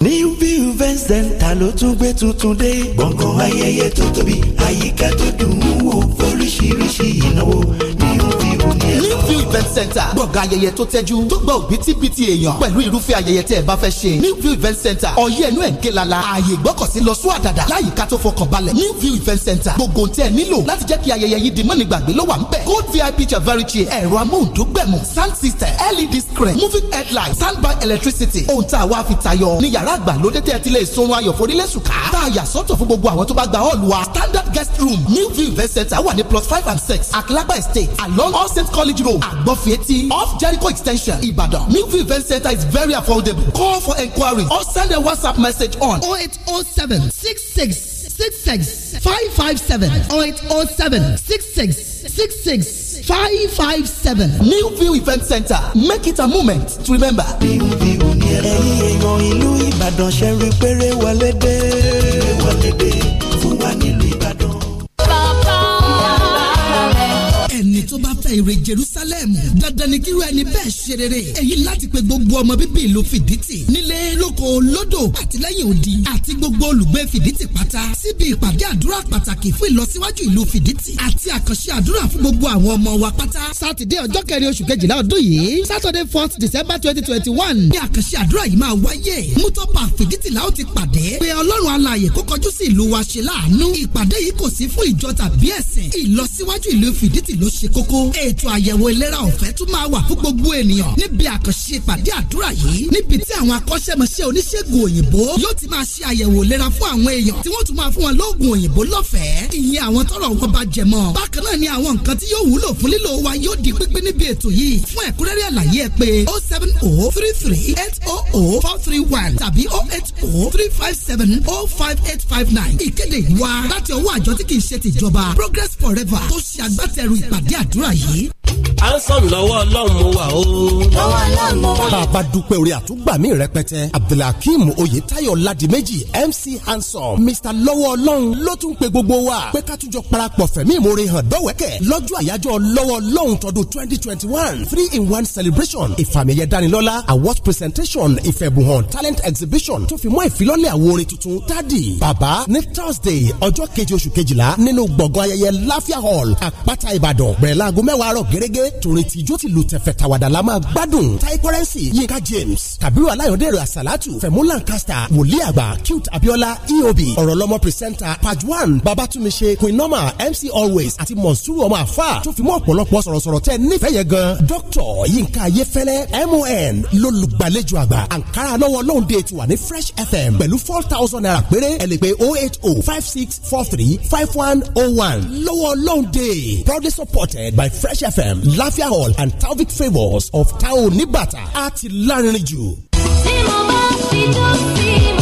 New View Event Center ló tún gbé tuntun dé. gbọ̀ngàn ayẹyẹ tó tóbi àyíká tó dùn ún wò fóríṣiríṣi ìnáwó New View ní ẹ̀kọ́. New View Event Center gbọ̀ngàn ayẹyẹ tó tẹ́jú tó gba òbítíbitì èèyàn pẹ̀lú irúfẹ́ ayẹyẹ tẹ́ ẹ bá fẹ́ ṣe. New View Event Center ọyẹ́ ẹnu ẹ̀ ń ké lala ààyè ìgbọ́kọ̀sí lọ sún àdàdà láyìíká tó fọkàn balẹ̀. New View Event Center gbogbo tẹ́ ẹ nílò láti jẹ́ kí ayẹyẹ yìí di mọ́ni gbàgbé ló wà ń bẹ̀. gold vip chavarichi ẹ̀rọ amóhundógbẹ̀mù sound system led screen moving headlight sound bar electricity ohun tá a wá fi tayọ ní yàrá àgbàlódé tẹ́ ẹ ti lè sunrun ayọ̀ forílẹ̀ sùkà tá a yà sọ́tọ̀ fún gbogbo àwọn tó bá gba hall wa standard guest room new view event center wà ní plus five and six àkìlágbà estate along all saint college road àgbọ̀fìetì off jericho extension Ibadan. new view event center is very affordable call for enquiry or send a whatsapp message on 0807 66 66 557 0807 66 66 five five seven new view event center make it a moment to remember. ẹ̀yin èèyàn ìlú ìbàdàn ṣe ń rí péré wọlé dé. wọlé dé fún wa nílùú níbikíbi tó bá fẹ́ ire Jerusalem dandan ni kíru ẹni bẹ́ẹ̀ ṣe rere èyí láti pe gbogbo ọmọ bíbí ìlú Fìdítì nílé lóko lódò àtìlẹ́yìn òdi àti gbogbo olùgbé Fìdítì pátá síbi ìpàdé àdúrà pàtàkì fún ìlọsíwájú ìlú Fìdítì àti àkànṣe àdúrà fún gbogbo àwọn ọmọ wa pátá. sátidé ọjọ́ kẹrin oṣù kejìlá ọdún yìí sátidé fourth december twenty twenty one ní àkànṣe àdúrà yìí máa wáyé mútọ́pà Fìdítì la ó ti pàdé pé ọlọ́run alààyè kó kọjú sí ìlú wa ṣe láàánú ìpàdé yìí kò sí fún ìjọ tàbí ẹ̀sìn ìlọsíwájú ìlú Fìdítì ló ṣe kókó ètò àyẹ̀wò ìlera ọ̀fẹ́ tún máa wà fún gbogbo ènìyàn níbi àkànṣe ìpàdé àdúrà yìí níbi tí àwọn akọ́ṣẹ́mọṣẹ́ oníṣègùn òyìnbó yóò ti máa ṣe àyẹ̀wò ìlera fún àwọn èèyàn tí wọ́n tún máa fún wọn lóògùn òyìnbó lọ́fẹ̀ẹ́ ìyẹn àwọn tọ́rọ̀ wọn bá jẹ mọ́ bákan náà ni àwọn nǹkan tí yóò wúlò fún lílo wa yóò di pípé níbi ètò yìí fún ẹ̀kúnrẹ́rẹ́ àlàyé ẹ pé oh seven oh three three eight oh oh four three one tàbí oh eight oh three five seven oh five eight five nine ìkéde ìwà láti ọwọ́ àjọ tí kì í ṣe tìjọba Progress Forever tó ṣe agbátẹrù ìpàdé à àdúrà yìí handsome lọ́wọ́ ọlọ́run mo wà o. lọ́wọ́ ọlọ́run mo wà. bàbá dúpẹ́ orí àtúgbàmí rẹpẹtẹ abdulhakeem oyetayo ladimeji mc handsome mr lọ́wọ́ ọlọ́run ló tún pe gbogbo wa pé ká tún jọ parapọ̀ fẹ̀mí ìmoore hàn dọ́wẹ́kẹ̀ lọ́jọ́ àyájọ́ lọ́wọ́ ọlọ́run tọdún twenty twenty one three in one celebration ìfàmìyẹ dánilọ́lá awards presentation ìfẹ̀bùhàn talent exhibition tó fi mọ́ ìfilọ́lẹ̀ àwo orin tuntun tádì bàbá ní thursday ọjọ́ keje oṣù kejìlá nínú gbọ̀ngàn ayẹyẹ láfíà hall àpáta ìbàdàn bẹ̀rẹ̀ láago mẹ́wàá àárọ̀ gẹ́gẹ́ tòrin tìjó ti lù tẹ̀fẹ̀ tàwàdà la máa gbádùn tai currency yinka james kabiru alayode rẹ̀ asalatu fẹ̀mú lancaster wòlíì àgbà cute abiola eob ọ̀rọ̀ lọ́mọ pírísẹ́ńtà page one babatunmise queen norma mc always àti monsuru ọmọ àfà tó fi mọ́ ọ̀pọ̀lọpọ̀ sọ̀rọ̀sọ̀rọ̀ tẹ́ nífẹ̀ẹ́ yẹn gan dr yinka ayefẹ́lẹ́ mon lólùgbàlejò àgbà ankara lọ́wọ́ lóhùn dé tiwa ní fresh fm pẹ̀lú four thousand naira péré ẹ lè pè oh eight oh five six four three five one oh one lọ́wọ́ lóhùn dé proudly supported by fresh fm Lafia Hall and Talvik Favours of Tao Nibata. A ti lárinrin jù. tí mo bá fi dán sí i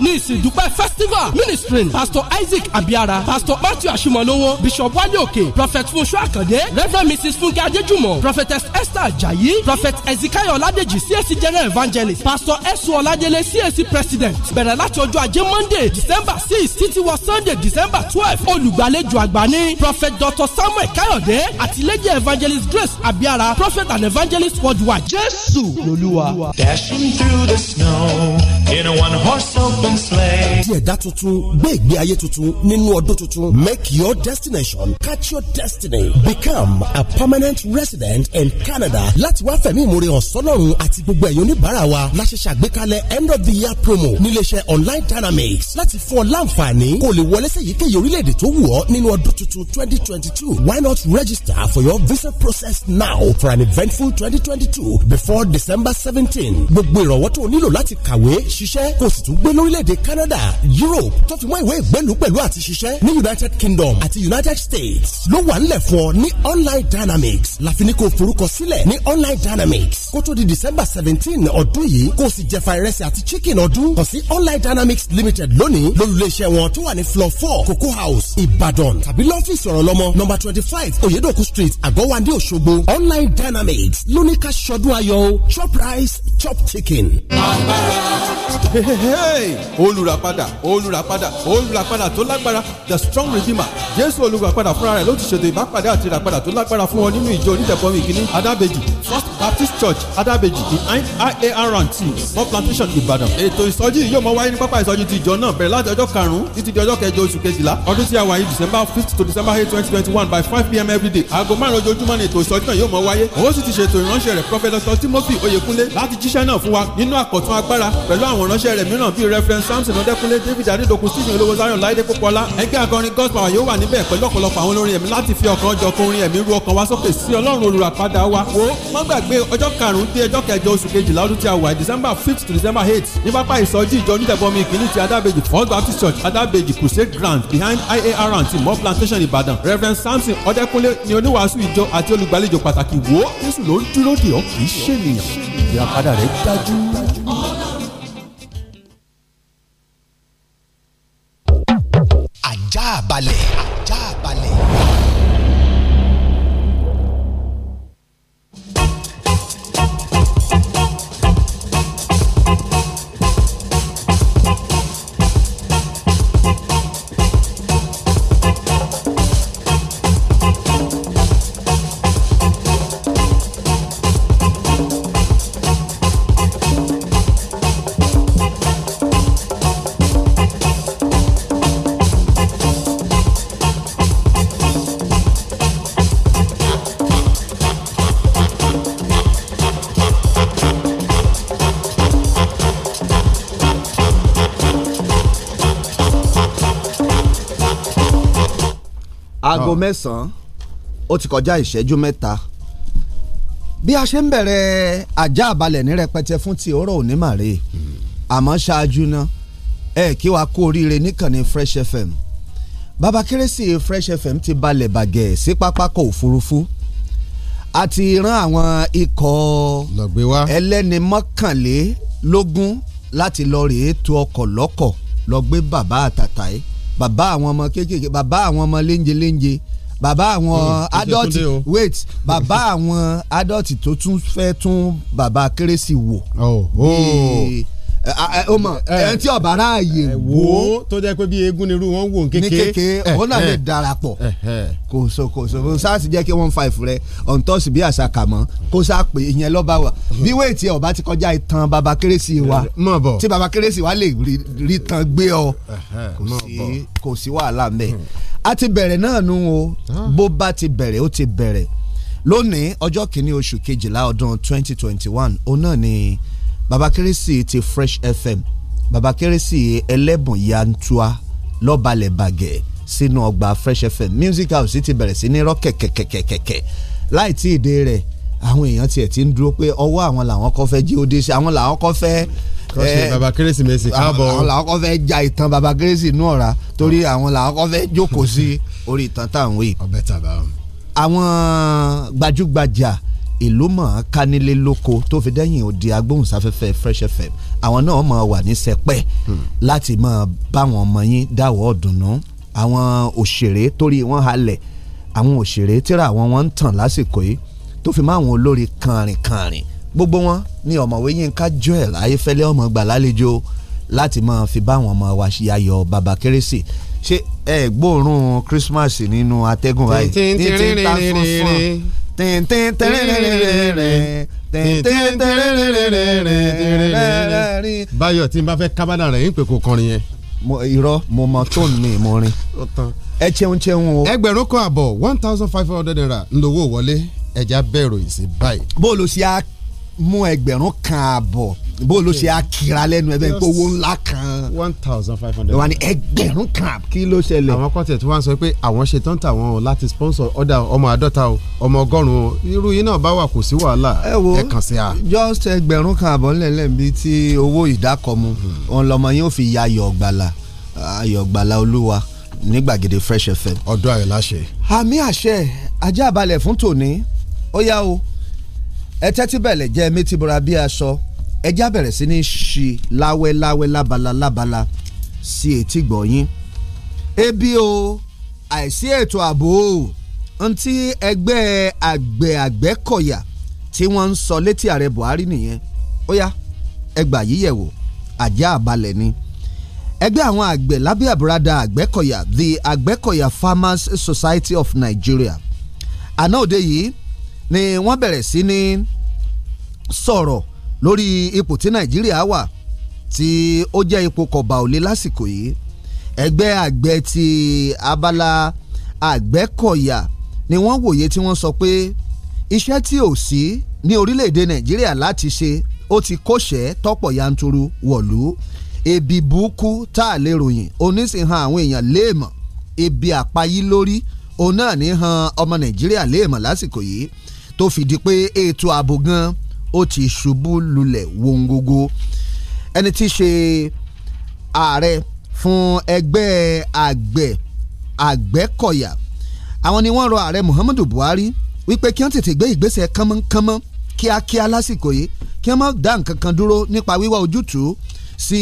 ní ìsìndúpẹ́ festival ministry pastor isaac abiara pastor matthew ashimolowo bishop wale prophet funṣu akande reverend mrs funke adejumo prophetess esther ajayi prophet ezekiel oladeji cac general evangelist pastor esu oladele cac president bẹ̀rẹ̀ láti ọjọ́ ajé monday december six títí wọ sunday december twelve olùgbàlejò àgbà ní prophet dr samuel kayode àtìlẹ́yìn evangelist grace abiara prophet and evangelist worldwide jésù lolúwa. dashing through the snow in a one horse open. Bí ẹ̀dá tuntun gbé ìgbé ayé tuntun nínú ọdún tuntun. Make your destination catch your destiny. Become a permanent resident in Canada. Láti wá fẹ̀mí ìmúre ọ̀sọ́lọ́run àti gbogbo ẹ̀yin oníbàárà wa la ṣàgbékalẹ̀ end of the year promo níléeṣẹ́ online dynamics láti fún ọ láǹfààní kó lè wọlé sí èyíkéyìí orílẹ̀-èdè tó wù ọ́ nínú ọdún tuntun twenty Why not register for your visa process now for an eventful 2022 before December 17. Gbogbo ìrànwọ́ tó o nílò láti kàwé ṣiṣẹ́ kó sì tún gbé lórílẹ̀ orílẹ̀-èdè Canada Europe tó fi mọ́ ìwé ìgbẹ́lú pẹ̀lú àti ṣiṣẹ́ ní United Kingdom àti United States ló wà nílẹ̀ fún ọ ní Online Dynamics láfiní kò forúkọ sílẹ̀ ní Online Dynamics kó tó di December seventeen ọdún yìí kó o sì jẹ fàìrẹsì àti chicken ọdún kàn sí Online Dynamics Limited lónìí lólùléeṣẹ́ wọn tó wà ní floor four Cocoa House Ìbàdàn tàbí lọ́fíìsì ọ̀rọ̀ lọ́mọ number twenty five Oyedoku Street Àgọ́wandé Òṣogbo Online Dynamics lóníkà ṣọdún ayọ̀ chop rice chop chicken. Hey, hey, hey olùràpadà olùràpadà olùràpadà tó lágbára the strong redeemer jésù olùràpadà fúnra rẹ̀ ló ti ṣètò ìbápadà àti ìràpadà tó lágbára fún wọn nínú ìjọ onítẹ̀bọmi ìkíní adábẹ́jì first baptist church adábẹ́jì behind iarnt mọ́ plantation ìbàdàn ètò ìsọjí yìí yóò mọ wáyé ní pápá ìsọjí ti ìjọ náà bẹ̀rẹ̀ láti ọjọ́ karùn-ún títí di ọjọ́ kẹjọ oṣù kejìlá ọdún tí a wà december fifth to december eight twenty twenty one by five pm every day aago márùn-ún ojoojúmọ́ ni ètò ìsọjí náà yóò mọ wáyé òun sì ti ṣètò ìránṣẹ́ rẹ̀ prophet dr timothy oyekunle láti jíṣẹ́ náà fún wa nínú àkọ̀tún agbára pẹ̀lú àwọn ìránṣẹ́ rẹ̀ mìíràn bíi reference Eden Samson Ọdẹkùnlé David Adédokun Stephen Olówó Zion Láìdé Pópọ́lá ẹgbẹ́ akọrin gospel yóò wà níbẹ̀ pẹ̀lú ọ̀pọ̀lọpọ̀ àwọn olórin ẹ̀mí láti fi ọkàn jọ kọrin ẹ̀mí ru ọkàn wa sókè sí Ọlọ́run olùràpadà wa wo má gbàgbé ọjọ́ karùn-ún dé ọjọ́ kẹjọ oṣù kejìlá ọdún tí a wà December fifth to December eight ní pápá ìsọjí ìjọ onídẹ̀bọmi ìkíní ti Adábẹ́jì First Baptist Church Adábẹ́jì Crusade grand behind IAR and Timor Plantation Ìbàdàn Rev Samson Ọdẹkùnlé ni oníwàásù ìjọ àti olùgbàlejò pàtàkì wo Jésù ló ń dúró dè ọ́ kì í ṣènìyàn ìyàpadà rẹ̀ dájú. ajá balẹ̀. aago mẹ́sàn-án ó ti kọjá ìṣẹ́jú mẹ́ta bí a ṣe ń bẹ̀rẹ̀ ajá àbálẹ̀ ní rẹpẹtẹ fún ti òórọ̀ òní màre àmọ́ ṣáájú náà ẹ kí wàá kú oríire níkànnì Fresh FM baba kérésì Fresh FM ti balẹ̀ bàgẹ́ sí pápákọ̀ òfurufú a ti rán àwọn ikọ̀ ẹlẹ́ni mọ́kànlélógún láti lọ rèé tu ọkọ̀ lọ́kọ̀ lọ gbé bàbá àtàtà yìí bàbá àwọn ọmọ kéékèèké bàbá àwọn ọmọ léńje bàbá àwọn hmm, adult wait bàbá àwọn adult tó tún fẹ́ tún bàbá kérésì wò. Oh, oh o mọ ẹ ti ọba aráàyè wo tó jẹ́ pé bí eégún ni irú wọn wò ní kéke òun náà lè darapọ̀ kò so kò so kò sars jẹ́ kí one five rẹ ọ̀ntọ́sì bí àṣà kàmọ́ kó sá pé ìyẹn lọ́ba wa bí wéètì ọba ti kọjá ìtàn baba kérésì wa tí baba kérésì wa lè rí tan gbé ọ kò sí wàhálà mẹ́ hmm. a ti bẹ̀rẹ̀ náà nu o bó bá ti bẹ̀rẹ̀ ó ti bẹ̀rẹ̀ lónìí ọjọ́ kìíní oṣù kejìlá ọdún twenty twenty one òun náà ni baba kérésì ti fresh fm baba kérésì ẹlẹ́bùn yantua lọ́balẹ̀ bàgẹ́ sínú ọgbà fresh fm music house ti bẹ̀rẹ̀ sí ní rọ́ kẹ̀kẹ̀kẹ̀kẹ̀kẹ̀ láì tí ì rẹ̀ àwọn èèyàn tiẹ̀ ti ń dúró pé ọwọ́ àwọn làwọn kọ́ fẹ́ jí ó dé sí àwọn làwọn kọ́ fẹ́ kọ́sẹ̀ baba kérésìmesì káàbọ̀ àwọn làwọn kọ́ fẹ́ ja ìtàn baba kérésì inú ọ̀ra torí ah. àwọn làwọn kọ́ fẹ́ jókòó sí orí ìtàn táwọn wí. ọbẹ̀ tàbá. àwọn gbajúgbajà ìlú mọ̀ kánilé lóko tó fi dẹ́yìn òde agbóhùnsáfẹ́fẹ́ Fresh FM àwọn náà mọ̀ wà ní sẹpẹ́ hmm. láti mọ̀ báwọn ọmọ yín dáwọ́ ọ̀dùnnú àwọn òṣèré torí wọ́n halẹ̀ àwọn òṣèré tíra àwọn wọn ń tàn lásìkò yìí tó fi mọ́ àwọn olórí kànrìnkànrìn gbogbo wọn ni ọ̀mọ̀wé Yínká Joel Ayéfẹ́lẹ́ ọmọ gbà lálejò láti máa fi báwọn ọmọ wa ṣe bàbá kérésì ṣé ẹ gbóòórùn Christmas nínú atẹ́gùn báyìí tíntín tá sunsun tíntín tẹ́rẹ́rẹ́rẹ́rẹ́ tíntín tẹ́rẹ́rẹ́rẹ́rẹ́. báyọ̀ tí n bá fẹ́ kábàdà rẹ̀ yín pé kò kọrin yẹn. irọ́ mo mọ tóun mi mo rin ẹ cheun cheun o. ẹgbẹ̀rún kan àbọ̀ one thousand five hundred naira ńlọ́wọ́ wọlé ẹja bẹ̀rù ìsìn báyìí. bóòlù sí a mú ẹgbẹ̀rún kan àbọ̀ bó ló ṣe akira lẹ́nu ẹgbẹ́ pé owó ńlá kan one thousand five hundred wà ní ẹgbẹ̀rún kan kí ló ṣẹlẹ̀. àwọn kọ́ńtẹ̀ tí wọ́n sọ pé àwọn ṣetán tàwọn o láti sponsor ọ̀dà ọmọ àádọ́ta o ọmọ ọgọ́rùn-ún o irú yìí náà bá wà kò sí wàhálà ẹ kàn sí a. just ẹgbẹ̀rún kan àbọ̀ ńlẹ̀lẹ̀ bíi ti owó ìdákọ̀mu hmm. òun lọmọ yóò fi ya ayọ̀ olúwa ní fresh fm. ọdọ ẹ tẹ́tí bẹ̀lẹ̀ jẹ́ mi ti bora bí aṣọ ẹjá bẹ̀rẹ̀ sí ní ṣí láwẹ́láwẹ́ lábala lábala sí etí gbọ̀nyín ebi o àìsí ètò ààbò o ntí ẹgbẹ́ àgbẹ̀ àgbẹ̀kọ̀yà tí wọ́n ń sọ létí ààrẹ Buhari nìyẹn ó yá ẹgbà yìí yẹ̀ wò àjá àbalẹ̀ ni ẹgbẹ́ àwọn àgbẹ̀ lábẹ́ àbúradà àgbẹ̀kọ̀yà the Àgbẹ̀kọ̀yà Farmers Society of Nigeria àná òde yìí ni wọ́n bẹ̀rẹ̀ sí ní sọ̀rọ̀ lórí ipò tí nàìjíríà wà tí ó jẹ́ ipò kọ̀bà òlé lásìkò yìí ẹgbẹ́ àgbẹ̀ ti abala àgbẹ̀kọ̀yà ni wọ́n wòye tí wọ́n sọ pé iṣẹ́ tí ò sí ní orílẹ̀-èdè nàìjíríà láti ṣe ó ti kóṣẹ́ tọ́pọ̀ yanturu wọ̀lú ebi burúkú tá a lè ròyìn onísìnhan àwọn èèyàn léèmọ̀ ebi àpayí lórí òun náà ní han ọmọ nàìjíríà léèmọ̀ lásìkò yìí tó fi di pé ètò ààbò gan ó ti ṣubú lulẹ̀ wọ́n gógó ẹni tí í ṣe ààrẹ fún ẹgbẹ́ àgbẹ̀ àgbẹ̀kọ̀yà àwọn ni wọ́n rọ ààrẹ Muhammadu Buhari wípé kí wọ́n tètè gbé ìgbésẹ̀ kánmọ́kánmọ́ kíákíá lásìkò yìí kí wọ́n má dá nǹkan kan dúró nípa wíwá ojútùú sí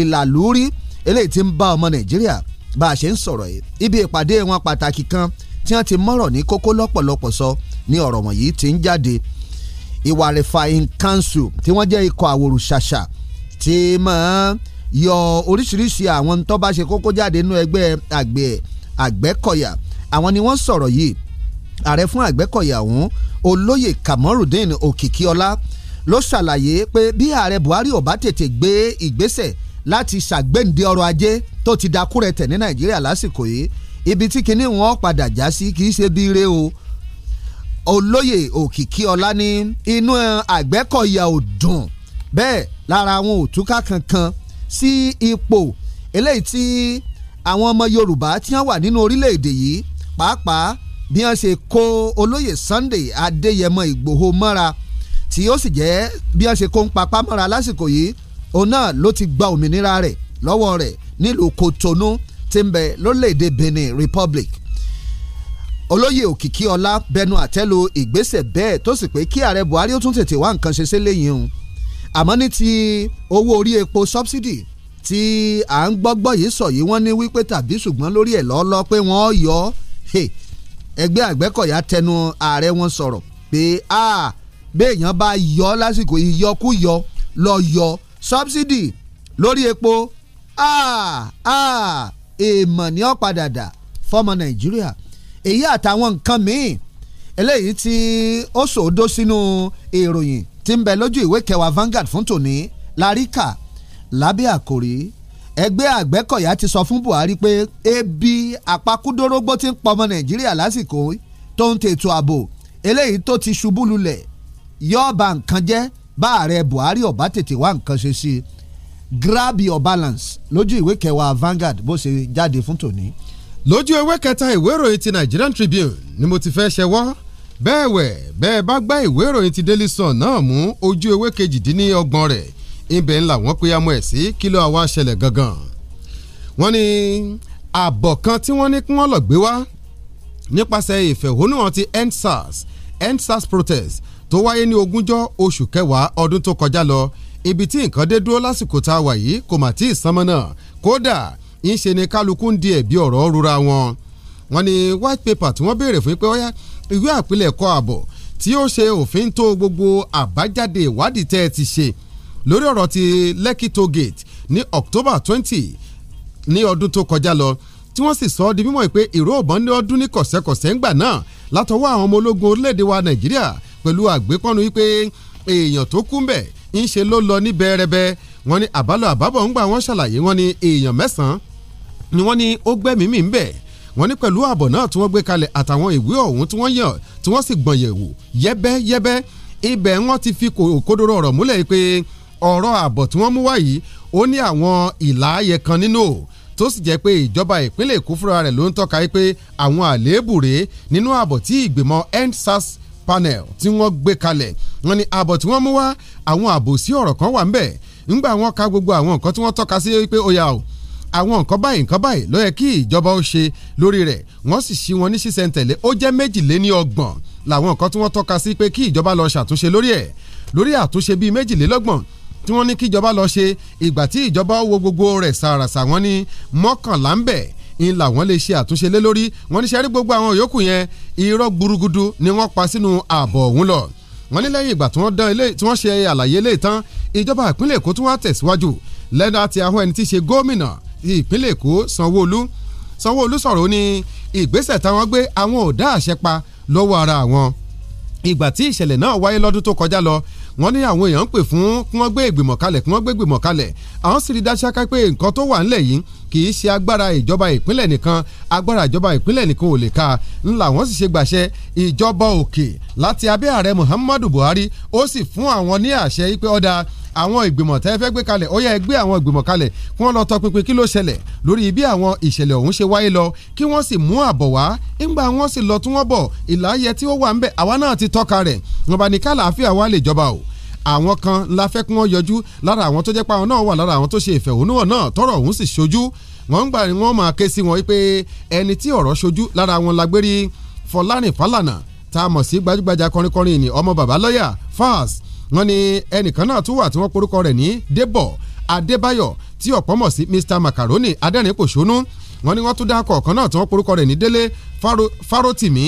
ìlàlúrí eléyìí tí ń bá ọmọ Nàìjíríà bá a ṣe ń sọ̀rọ̀ yìí ibi ìpàdé wọn pàtàkì kan tí wọ́n ti mọ̀rọ̀ ní kókó lọ́pọ̀lọpọ̀ sọ so ní ọ̀rọ̀ wọ̀nyí ti ń jáde ìwà refine council tí wọ́n jẹ́ ikọ̀ àwòrò ṣàṣà ti máa yọ oríṣiríṣi àwọn tó bá ṣe kókó jáde nínú ẹgbẹ́ àgbẹ̀ àgbẹ̀kọ̀yà àwọn ni wọ́n sọ̀rọ̀ yìí ààrẹ fún àgbẹ̀kọ̀yà ọ̀hún olóyè kamorudeen òkìkíọlá ló ṣàlàyé pé bí ààrẹ buhari ò bá tètè gbé ìgbésẹ̀ láti ṣàgbéǹde ọrọ̀ ajé tó ti dakúrẹ̀tẹ̀ ní nàìjíríà lásìkò yìí ibi tí kinní wọn padà já sí kì í ṣe bí ire o olóyè òkìkí ọlá ní inú àgbẹ́kọ̀yà ò dùn bẹ́ẹ̀ lára àwọn òtúkà kankan sí ipò eléyìí tí àwọn ọmọ yorùbá tí wọ́n wà nínú orílẹ̀-èdè yìí pàápàá bí wọ́n ṣe kó olóyè sunday adéyẹmọ ìgbòho mọ́ra tí ó sì jẹ́ bí wọ́n ṣe kó ń papá mọ́ra lásìkò yìí òun náà ló ti gba òmìnira rẹ̀ lọ́wọ́ rẹ̀ nílùú kotonu tí ń bẹ lórílẹ̀‐èdè benin republic olóyè òkìkí ọlá bẹnu àtẹ́lu ìgbésẹ̀ bẹ́ẹ̀ tó sì pé kí ààrẹ buhari ó tún tètè wá nǹkan ṣe sí lẹ́yìn o àmọ́ ní ti owó orí epo subsidy tí à ń gbọ́gbọ́ yìí sọ yìí wọ́n ní wípé tàbí ṣùgbọ́n lórí ẹ̀ lọ́ọ́lọ́ pé wọ́n yọ ọ́ ẹgbẹ́ àgbẹ̀kọ̀yà tẹnu ààrẹ wọn sọ̀rọ̀ pé béèyàn bá yọ lásìkò ìyọkúyọ lọ yọ subsidy lórí epo èèmọ̀ ni ó padà dà fọmọ nàìjíríà èyí àtàwọn nǹkan míì eléyìí tí ó sòódó sínú ìròyìn tí ń bẹ lójú ìwé kẹwàá Vanguard fún tòní láríkà lábẹ́ àkòrí ẹgbẹ́ àgbẹ̀kọ̀yà ti sọ fún Buhari pé ebi àpakúdórógbó ti ń pọmọ Nàìjíríà lásìkò tó ń tètò ààbò eléyìí tó ti ṣubú lulẹ̀ yóò ba nǹkan jẹ́ bá ààrẹ Buhari ò tètè wá nǹkan ṣe sí grab your balance lójú ìwé kẹwàá Vanguard bó ṣe jáde fún tòní lójú ewé kẹta ìwé ìròyìn ti Nigerian Tribune ni mo ti fẹ́ ṣẹwọ́ bẹ́ẹ̀ wẹ̀ bẹ́ẹ̀ bá gbá ìwé ìròyìn ti Daily Sun náà mú ojú ewé kejìdínlọ́gbọ̀n rẹ̀ ibẹ̀ ńlá wọ́n pe amọ̀ ẹ̀ sí kí ló àwa ṣẹlẹ̀ gangan wọ́n ní àbọ̀ kan tí wọ́n ní kí wọ́n lọ gbé wá nípasẹ̀ ìfẹ̀hónúhàn ti endsars endsars protest tó wáyé ní ogúnjọ́ oṣù kẹwàá ọdún tó kọjá lọ ibi tí nǹkan dé dúró lásìkò tá a wà yìí kò mà tí ì sánmọ́ náà kódà ń ṣe ni kálukú ń di ẹ̀bi ọ̀rọ̀ rúra wọn wọ́n ní white paper tí wọ́n béèrè fún pé ó yá ìwé àpilẹ̀kọ àbọ̀ tí ó ṣe òfin tó gbogbo àbájáde ìwádìí tẹ́ ẹ ti ṣe lórí ọ̀rọ̀ ti Lekki toll gate ní October twenty ní ọdún tó kọjá lọ tí wọ́n sì sọ ọ́ di mímọ̀ pé ìró ọ̀bọ̀n ní ọdún ní kọ̀sẹ́kọ̀sẹ́ ńgbà náà látọwọ́ àwọn ọmọ ológun orílẹ̀‐èdè wa Nàìjíríà pẹ̀lú àgbépọ́nu wípé èèyàn tó kú mbẹ̀ ń ṣe ló lọ ní bẹ́ẹ̀rẹ́bẹ́ wọ́n ní àbálọ̀ àbábọ̀ ńgbà wọ́n ṣàlàyé wọ́n ní èèyàn mẹ́sàn-án ni wọ́n ní ó gbẹ́mìí mì ń bẹ̀ wọ́n ní pẹ̀lú ààbọ̀ náà tí wọ́n gbé kalẹ̀ àtàwọn ìwé ọ̀hún tí wọ́n yàn tí wọ́n sì gbọ̀n yẹ̀wò yẹ́bẹ́ yẹ́bẹ́ ibẹ̀ wọ́n ti fi kòkòdòrò ọ̀rọ̀ múlẹ̀ pé ọ̀rọ̀ ààbọ̀ tí wọ́n mú wá yìí ó ní àwọn ìlàáyẹ kan nínú o tó sì jẹ́ pé ìjọba ìpínlẹ̀ Èkó fúnra rẹ̀ ló ń tọ́ka pé àwọn àléébù nínú ààbọ̀ tí ìgbìmọ̀ endsars panel tí wọ́n gbé kalẹ̀ wọ́n ní ààbọ̀ tí wọ́n mú wá àwọn àbòsí ọ̀rọ̀ kan wà ń bẹ̀ ńgbà wọ́n ka gbogbo àwọn nǹkan tí wọ́n tọ́ka sí pé ó yà o àwọn nǹkan báyìí nǹkan báyìí ló yẹ kí ìjọba ó ṣe lórí rẹ̀ wọ́n sì ṣí wọn ní sísẹ̀ntẹ̀lé ó jẹ́ méjìléní ọgbọ̀n làwọn nǹkan tí wọ́n tọ́ka sí pé kí ìjọba lọ ṣàtúnṣe lórí ẹ̀ lórí àtúnṣe bíi méjìlélọ́gbọ̀n tí wọ́n ní kíjọba lọ ṣe ìgbà tí ìjọba wo gbogbo rẹ̀ sàràsà wọ́n ní mọ́kànlá ń bẹ̀ ń làwọn lè ṣe àtúnṣe lé lórí wọ́n ní sẹ́rí gbogbo àwọn yòókù yẹn irọ́ gburugudu ni wọ́n pa sínú ààbọ̀ ọ̀hún lọ wọ́n ní lẹ́yìn ìgbà tí wọ́n dán ilé tí wọ́n ṣe àlàyé ilé ìtàn ìjọba ìpínlẹ̀ Èkó tún wá tẹ̀síwájú lẹ́nu àti àwọn ẹni tí ṣe gómìnà ìpínlẹ̀ èkó sanwó-olú sanwó-olú sọ̀rọ̀ ní ìgbésẹ̀ táwọn gbé àwọn ò dá àṣẹ pa lọ́wọ́ ara àwọn ìgbà tí ìṣẹ̀lẹ̀ náà wáyé lọ́dún tó kọjá lọ wọ́n ní àwọn èèyàn ń pè fún kí wọ́n gbé ìgbìmọ̀ kalẹ̀ kí wọ́n gbé ìgbìmọ̀ kalẹ̀ àwọn sì rí dáṣáká pé nǹkan tó wà ńlẹ̀ yìí kì í ṣe agbára ìjọba ìpínlẹ̀ nìkan agbára ìjọba ìpínlẹ̀ nìkan ò lè ka ńlá wọ́n sì ṣe gbàṣẹ ìjọba òkè láti abẹ́ ààrẹ Muhammadu Buhari ó sì fún àwọn ní àṣẹ yìí pé ọ̀dà àwọn ìgbìmọ̀ tẹ́ fẹ́ gbé kalẹ̀ ó yẹ ẹ gbé àwọn ìgbìmọ̀ kalẹ̀ kí wọ́n lọ tọpinpin kí ló ṣẹlẹ̀ lórí bí àwọn ìṣẹ̀lẹ̀ ọ̀hún ṣe wáyé lọ kí wọ́n sì mú àbọ̀ wá ńgbà wọ́n sì lọ tún wọ́n bọ̀ ìláyẹ tí ó wà ń bẹ̀ àwa náà ti tọ́ka rẹ̀ wọn bá ní kálàáfíà wa lè jọba o àwọn kan la fẹ́ kí wọ́n yọjú lára àwọn tó jẹ́ pé àwọn náà wà lára àwọn tó ṣe ìfẹ̀hónúhàn náà tọ́rọ̀ ọ̀hún sì ṣojú wọ́n ń gbà ní wọ́n máa ké sí wọn pé ẹni tí ọ̀rọ̀ ṣojú lára wọn lágbérí Fọlárìn Fálànà tá a mọ̀ sí wọ́n ní ẹnìkan náà tún wà tí wọ́n porúkọ rẹ̀ ní Débọ̀ Adébáyọ̀ tí ọ̀pọ̀ mọ̀ sí Mr Macaroni adẹ́rìn-pòṣónú wọ́n ní wọ́n tún dákọ̀ ọ̀kan náà tí wọ́n porúkọ rẹ̀ ní Délé Fárótìmí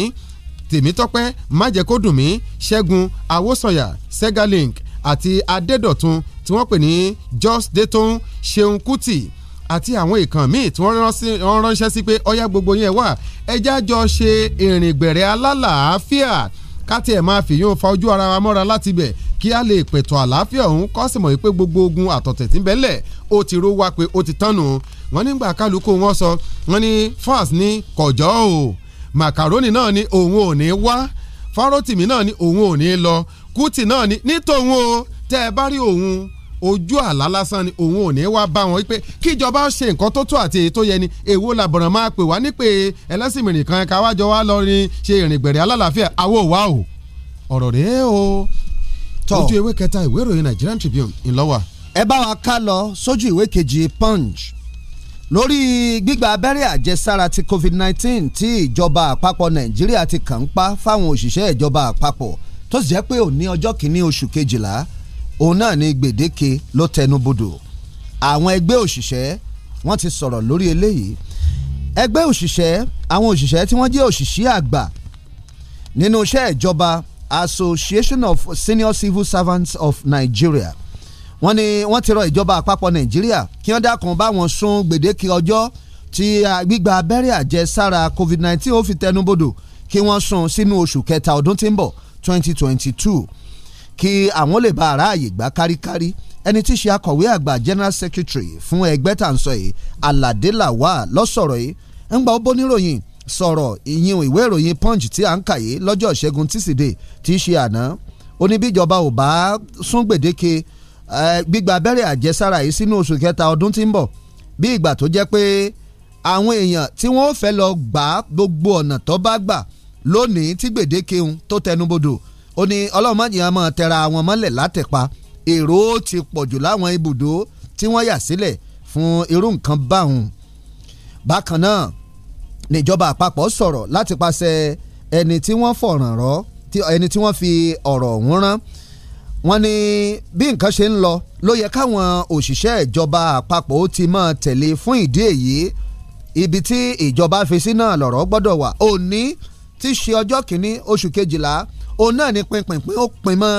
Tèmítọ́pẹ́ Májẹ̀kódùnmí Ṣẹ́gun Awósànyà Segalink àti Adédọ̀tun tí wọ́n pè ní Just Dayton Ṣeun Kuti àti àwọn ìkan míì tí wọ́n ránṣẹ́ sí pé ọ̀yá gbogbo yẹn wà ẹjá jọ ṣe ìrìngbẹ̀rẹ̀ alálàáfíà káti ẹ̀ máa fìyún fa ojú ara wa mọ́ra láti bẹ̀ kí a lè pẹ̀tọ̀ àlàáfíà ọ̀hún kọ́ sì mọ̀ wípé gbogbo ogun àtọ̀tẹ̀ tí ń bẹ́lẹ̀ ó ti ro wá pé ó ti tánu wọ́n nígbà kálukú wọn sọ wọ́n ní fars ní kọjọ́ o macaroni náà ní òun ò ní wá fárọ́tìmí náà ní òun ò ní lọ kùtì náà ní nítòun o tẹ́ ẹ bá rí òun ojú àlá lásán ni òun ò ní wá bá wọn pé kíjọba ṣe nǹkan tó tó àti èyí tó yẹ ni èwo làbọ̀ràn máa pè wá nípe ẹlẹ́sìn mìíràn kan ẹ̀ka wájọ wá lọ rin ṣe ìrìngbẹ̀rẹ̀ alálàáfíà àwo wá o ọ̀rọ̀ rèé o ojú ewé kẹta ìwé ìròyìn Nigerian Tribune ńlọ́wà. ẹ bá wa ká lọ sójú ìwé kejì Punch lórí gbígba abẹ́rẹ́ àjẹsára ti COVID-19 tí ìjọba àpapọ̀ Nàìjíríà ti kàn ń pa fáwọn òṣìṣẹ́ ìjọba àpapọ̀ tó sì jẹ́ pé òní ọjọ́ kìíní oṣù kejìlá òun náà ni gbèdéke ló tẹnubodò àwọn ẹgbẹ́ òṣìṣẹ́ wọ́n ti sọ̀rọ̀ lórí eléyìí ẹgbẹ́ òṣìṣẹ́ àwọn òṣìṣẹ́ tí wọ́n jẹ́ òṣìṣẹ́ àgbà nínú iṣẹ́ ìjọba Association of Senior Civil Servants of Nigeria wọ́n ní wọ́n ti rọ ìjọba àpapọ̀ Nàìjíríà kí wọ́n dákun bá wọn sún gbèdéke ọjọ́ tí gbígba abẹ́rẹ́ àjẹsára COVID-19 ó fi tẹnubodò kí wọ́n sún sínú oṣù kẹta ọdún tí ń bọ̀ 2022 kí àwọn lè bá aráàyè gbà káríkárí ẹni tí ṣe akọ̀wé àgbà general secretary fún ẹgbẹ́ tá à ń sọ yìí aládé lawal ló sọ̀rọ̀ yìí ń gba ó bóníròyìn sọ̀rọ̀ ìyìn ìwé ìròyìn punch tí à ń kà yìí lọ́jọ́ ìṣẹ́gun tíṣídẹ̀ẹ́ tí í ṣe àná oníbíjọba ò bá sún gbèdéke gbígba abẹ́rẹ́ àjẹsára yìí sínú oṣù kẹta ọdún tí ń bọ̀ bí ìgbà tó jẹ́ pé àwọn èèyàn tí wọ́n fẹ́ lọ gbà gbogbo ọ̀nà tó bá gbà lónìí tí gbèdéke ń tó tẹnubodò ó ní ọlọ́run mọ̀jì yẹn máa tẹra àwọn mọ́lẹ̀ látẹ̀pa èrò ti pọ̀jù láwọn ibùdó tí wọ́n yà sílẹ̀ fún irú nǹkan báwọn. bákan náà níjọba àpapọ̀ sọ̀rọ̀ láti paṣẹ ẹni tí wọ́n fọ̀ràn rọ́ ẹni tí wọ́n fi ọ̀rọ̀ ọ̀hún rán wọ́n ní bí nǹkan ṣe ń lọ ló yẹ káwọn òṣìṣẹ́ ìjọba àpapọ̀ ó ti máa tẹ̀lé fún ìdí èyí ibi tí ìjọba fi sí náà lọ̀rọ̀ gbọ́dọ̀ wà òní ti ṣe ọjọ́ kìíní oṣù kejìlá òun náà ni pinpinpin ó pin mọ́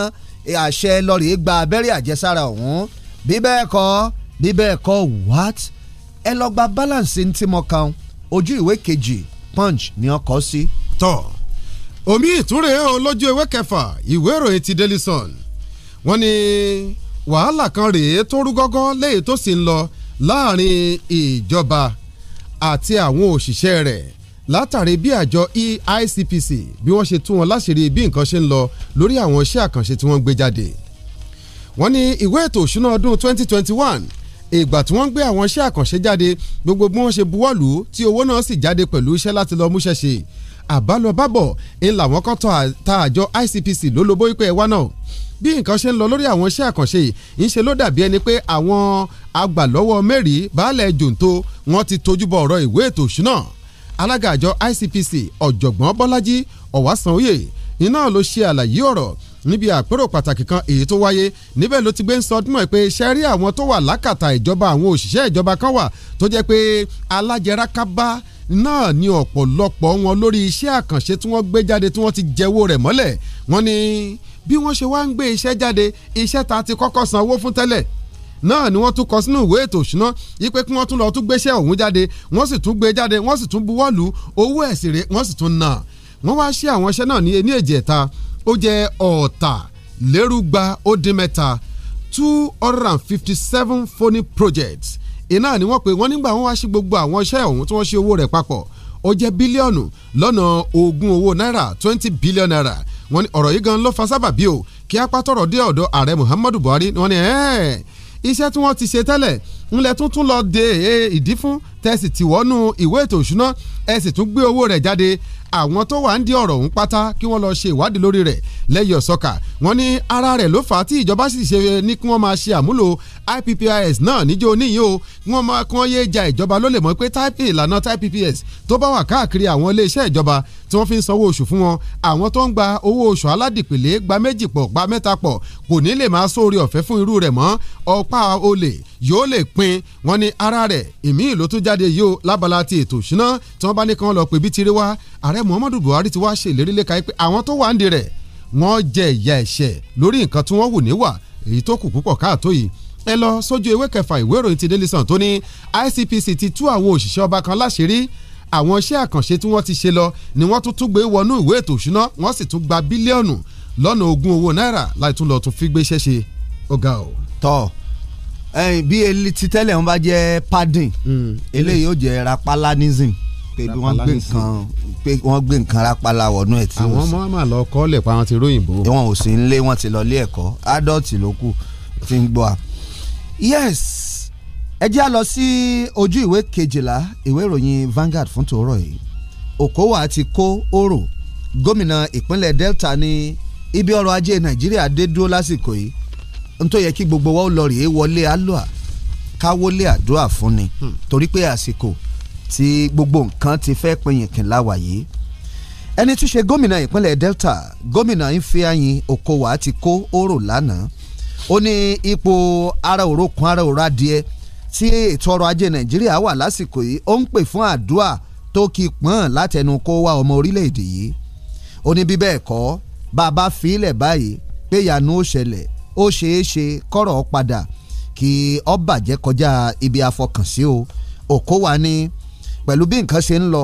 àṣẹ lọ́ọ̀rì gba abẹ́rẹ́ àjẹsára ọ̀hún bí bẹ́ẹ̀ kọ́ bí bẹ́ẹ̀ kọ́ what ẹ lọ gba balance ní tí mo kàn ojú ìwé kejì punch ni wọ́n sí. tọ́ omi ìtúre o lójú ewé kẹfà ìwé ìròyìn ti Daily Sun wọ́n ní wàhálà kan rèé tó rú gọ́gọ́ léyìí tó sì ń lọ láàrin ìjọba àti àwọn òṣìṣẹ́ rẹ̀ látàrí bí àjọ EICPC bí wọ́n ṣe tú wọn láṣìírí bí nǹkan ṣe ń lọ lórí àwọn iṣẹ́ àkànṣe tí wọ́n gbé jáde wọ́n ní ìwé ètò òṣùná ọdún 2021 ìgbà tí wọ́n gbé àwọn iṣẹ́ àkànṣe jáde gbogbo bí wọ́n ṣe buwọ́lù tí owó náà sì jáde pẹ̀lú iṣẹ́ láti lọ múṣẹ́ ṣe àbálọbábọ̀ ń làwọn kan ta àjọ ICPC lólobó ipò ẹ̀wá náà bí nǹkan ṣe ń lọ lórí àwọn iṣẹ́ àkànṣe yìí ń ṣe ló dàbí ẹni pé àwọn agbàlọ́wọ́ mẹ́rìí baálẹ̀ jòǹtó wọ́n ti tojúbọ ọ̀rọ̀ ìwé ètò ìṣúná alága àjọ ICPC ọ̀jọ̀gbọ́n Bọ́lájí Ọ̀wásànóyè iná ló ṣe àlàyé ọ̀rọ̀ níbi àpérò pàtàkì kan èyí tó wáyé níbẹ̀ ló ti gbé ń sọ ọdún mọ̀ pé ṣe rí àwọn tó wà lákàtà ìjọba àwọn òṣìṣẹ́ ìjọba kan wà tó jẹ́ pé alájẹrákábá náà ni ọ̀pọ̀lọpọ̀ wọn lórí iṣẹ́ àkànṣe tí wọ́n gbé jáde tí wọ́n ti jẹ́wọ́ rẹ̀ mọ́lẹ̀ wọ́n ní bí wọ́n ṣe wá ń gbé iṣẹ́ jáde iṣẹ́ ta ti kọ́kọ́ sanwó fún tẹ́lẹ̀ náà ni wọ́n tún kọ sínú ìwé ètò òṣùná yí pé kí wọ́n tún lọ tún gbéṣẹ́ òun jáde wọ́n sì tún gbé jáde wọ́n sì tún buwọ́lù owó ẹ̀sìn rẹ̀ wọ́n sì tún nà wọ́n wá ṣe àwọn iṣẹ́ náà ní ení èjìẹ̀ta ó jẹ́ ọ̀ọ́ta lérúgba ó dín mẹ́ta two hundred and fifty seven phony projects iná ni wọ́n pè wọ́n nígbà wọ́n wá sí gbogbo àwọn iṣẹ́ ọ̀hún tí wọ́n ṣe owó rẹ̀ papọ̀ ó jẹ́ bílíọ̀nù lọ́nà ogún owó náírà twenty billion naira wọ́n ní ọ̀rọ̀ yìí gan ló fa sábàbí o kí apátọ̀rọ̀ dé ọ̀dọ̀ ààrẹ Muhammadu Buhari wọ́n ní ẹ́ẹ́ iṣẹ́ tí wọ́n ti ṣe tẹ́lẹ̀ ńlẹ̀ tuntun lọ de eh, ìdí fún tẹ̀sí tìwọ́nú ìwé ètò òṣùná ẹ sì tún gbé owó rẹ̀ jáde àwọn tó wà ń di ọ̀rọ̀ ọ̀hún pátá kí wọ́n lọ ṣe ìwádìí lórí rẹ̀ lẹ́yìn ọ̀sọ́kà wọ́n ní ara rẹ̀ ló fà á tí ìjọba sì ṣe ní kí wọ́n máa ṣe àmúlò IPPIS náà níjó níyì o kí wọ́n máa kí wọ́n yéé ja ìjọba ló lè mọ̀ pé ìlànà IPPIS tó bá wà káàkiri àwọn iléeṣẹ́ ìjọba tí wọ́n fi ń sanwó oṣù fún wọn àwọn tó ń gba owó oṣù aládìpẹ̀lẹ́ gba méjì pọ̀ gba mẹ́ta pọ̀ kò ní lè máa sóore ọ̀fẹ́ fún irú rẹ̀ mọ́ ọ̀pá olè yóò lè pin wọn ní ara rẹ̀ ìmí ló tún jáde yìí o lábala ti ètò ìṣúná tí wọ́n bá ní kàn lọ pé bí tirẹ̀ wá ààrẹ Muhammadu Buhari ti wá ṣèlérí lẹ́ka pé àwọn tó wà ń di rẹ̀ wọ́n jẹ ìyà ẹ̀ṣẹ̀ lórí nǹkan tí wọ́n hù níwà èyí tó kù púpọ̀ káàtó yìí ẹ lọ sójú ewé kẹfà ìwé ìròyìn ti Daily Sun tó ní ICPC ti tú àwọn òṣìṣẹ́ ọba kan láṣìírí àwọn iṣẹ́ àkànṣe tí wọ́n ti ṣe lọ ni wọ́n tún tún gbé wọnú ìwé ètò ìṣúná wọ́n sì tún gba bílíọ̀nù lọ́nà ogún owó náírà láì tún lọ tún fi gbéṣẹ́ ṣe ó ga o. tọ́ bí ti tẹ́lẹ̀ wọn bá jẹ́ padding mm, eléyìí ó jẹ́ rapalanism pé bí gbé nǹkan pé wọ́n gbé nǹkan rápálá wọnú ẹ̀ tí wọ́n sì. àwọn ọmọ àmà lọ kọ́ lẹ̀ pa wọn ti róyìnbó. wọn ò sí nílé wọn ti lọ ilé ẹ̀kọ́ adult ló kù ti ń gbọ́ a. yes ẹ jẹ́ a lọ sí ojú ìwé kejìlá ìwé ìròyìn Vanguard fún tòórọ̀ yìí Okowa ti kó ọ̀rọ̀ gómìnà ìpínlẹ̀ Delta ní ibi ọrọ̀ ajé Nàìjíríà dé dúró lásìkò yìí n tó yẹ kí gbogbo wa ó lọ rèé wọlé alua káwọlé àdúrà fún ni hmm. torí pé àsìkò tí gbogbo nǹkan ti fẹ́ pinyìnkìn láwà yìí ẹni tún ṣe gómìnà ìpínlẹ̀ Delta gómìnà Ifeanyi Okowa ti kó ọ̀rọ̀ lánàá ó ní ipò ara òro kan ara òro adìẹ tí ètò ọrọ̀ ajé Nàìjíríà wà lásìkò yìí ó ń pè fún àdúrà tó kì í pọ́n látẹnu kó wá ọmọ orílẹ̀-èdè yìí ó ní bí bẹ́ẹ̀ kọ́ bàbá fílẹ̀ báyìí pé ìyanu ó ṣẹlẹ̀ ó ṣeé ṣe kọ́rọ̀ padà kí ọ bàjẹ́ kọjá ibi àfọkànsí o Okowa ní pẹ̀lú bí nǹkan ṣe ń lọ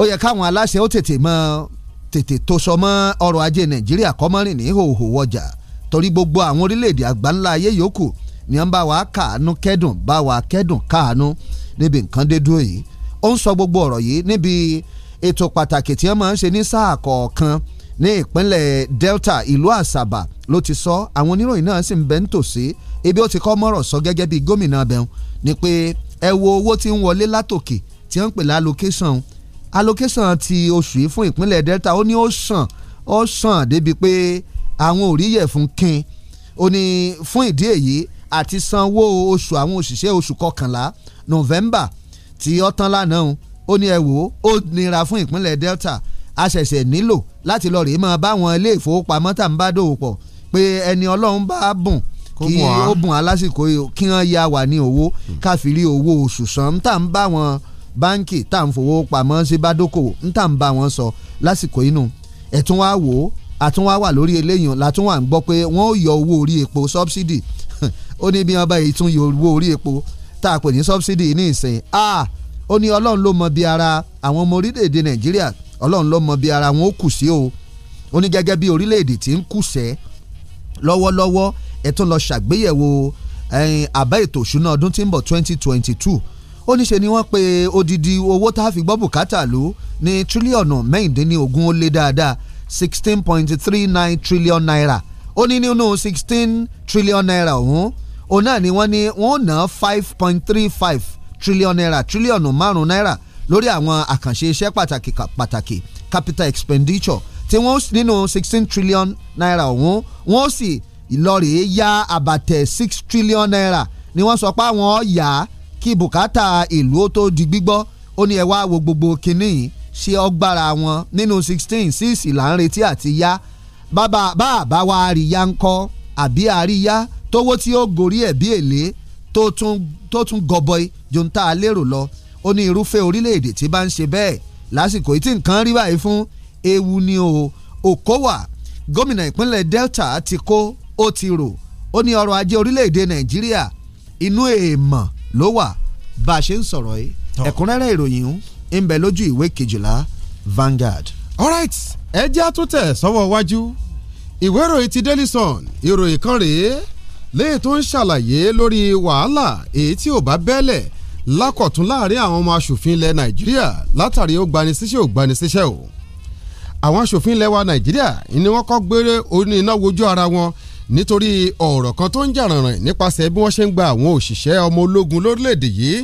ó yẹ káwọn aláṣẹ ó tètè mọ tètè tó sọ mọ́ ọrọ̀ ajé Nàìjíríà kọ́mọ́rìn ní ìhòòhò ọjà torí gbogbo àwọn orílẹ̀-èdè àgbáńlá ayé yòókù ni wọ́n bá wa káàánú kẹ́dùn bá wa kẹ́dùn káàánú níbi nǹkan dé dúró yìí ó ń sọ gbogbo ọ̀rọ̀ yìí níbi ètò pàtàkì tí wọ́n máa ń ṣe ní sáà kọ̀ọ̀kan ní ìpínlẹ̀ Delta ìlú Àsàbà ló ti sọ àwọn oníròyìn náà sì ń bẹ ń tòsí ibi ó ti kọ́ mọ́rọ̀ sọ gẹ́gẹ́ bí gómìnà abẹ́hùn ni pé ẹ wo owó tí ń wọlé látòkè tí wọ́n ń pè lálòkéṣàn allocation ti oṣù yìí fún ìpínlẹ̀ Delta ó ní ó sàn ó sàn débi pé àwọn ò rí yẹ̀ fún kin ó ní fún ìdí èyí àti sanwó oṣù àwọn òṣìṣẹ́ oṣù kọkànlá November tí ó tán lánàá ó ní ẹ wò ó nira fún ìpínlẹ̀ Delta a ṣẹ̀ṣẹ̀ nílò láti lọ rèé máa bá wọn ilé ìfowópamọ́ tá n bá dòwò pọ̀ pé ẹni ọlọ́run bá bùn kí ó bùn alásìkò kí wọ́n ya wà ní owó hmm. káfírí owó oṣù san tá n bá wọn báńkì tá n fowó pamọ́ sí bá dókòwò n tá n bá wọn sọ lásìkò inú ẹ̀tún wá wò ó àtún wá wà lórí eléyìí látún wà ń gbọ́ pé wọ́n ó yọ owó orí epo subsidy ó ní bí wọ́n bá yìí tún yọ owó orí epo tá a pè ní subsidy ní ìsìn ah ó ní ọlọ́run ló mọ bí ara àwọn ọmọ orílẹ̀-èdè nàìjíríà ọlọ́run ló mọ bí ara wọn ó kù sí o ó ní gẹ́gẹ́ bí orílẹ̀-èdè tí ń kùsẹ́ lọ́wọ́lọ́wọ́ ẹ tún lọ ṣàgbéyẹ̀wò àbá ètò òṣùná ọdún tí ń bọ̀ 2022 ó ní ṣe ni wọ́n pe odidi owó tá a fi gbọ́ bùkátà lù ní tírílíọ̀nù mẹ́rìndínlógún ó lé dáadáa sixteen trillion naira ó ní nínú 16 trillion naira ọ̀hún òun náà ni wọ́n ní wọ́n ná five tírílíọ̀nù naira, tírílíọ̀nù márùn-ún náírà lórí àwọn àkànṣe iṣẹ́ pàtàkì pàtàkì capital expenditure tí wọ́n nínú sixteen trillion naira ọ̀hún wọ́n sì ìlọ́rìí ya àbàtẹ̀ six trillion naira ni wọ́n sọ pé àwọn ọ̀yà kí bùkátà ìlú ó tó di gbígbọ́ ó ní ẹ wá wo gbogbo kinní ṣe ọgbàrà wọn nínú sixteen six là ń retí àti yá bàbá bàbá wa àríyá ńkọ́ àbí àríyá tówó tí ó gorí ẹ̀ bí èlé tó tún tó tún gọbọi ju ń tá a lérò lọ ó ní irúfẹ́ orílẹ̀-èdè tí bá ń ṣe bẹ́ẹ̀ lásìkò tí nǹkan rí báyìí fún ewu ni o Okowa gómìnà ìpínlẹ̀ Delta ti kó ó ti rò ó ní ọrọ̀ ajé orílẹ̀-èdè Nàìjíríà inú èèmọ̀ ló wà bá a ṣe ń sọ̀rọ̀ yìí ẹ̀kúnrẹ́rẹ́ ìròyìn ń bẹ lójú ìwé kejìlá Vanguard. alright ẹ jẹ́ àtúntẹ̀ sọ́wọ́ wájú ìwé ìròyìn ti Daily Sun ìròyìn kan rèé léyìí tó ń ṣàlàyé lórí wàhálà èyí tí ò bá bẹ́lẹ̀ lákọ̀tún láàrin àwọn ọmọ asòfin ilẹ̀ nàìjíríà látàrí ó gbanisíṣẹ́ ò gbanisíṣẹ́ o àwọn asòfin ilẹ̀ wa nàìjíríà ni wọ́n kọ́ gbére oní iná wojú ara wọn nítorí ọ̀rọ̀ kan tó ń jà rànràn nípasẹ̀ bí wọ́n ṣe ń gba àwọn òṣìṣẹ́ ọmọ ológun lórílẹ̀ yìí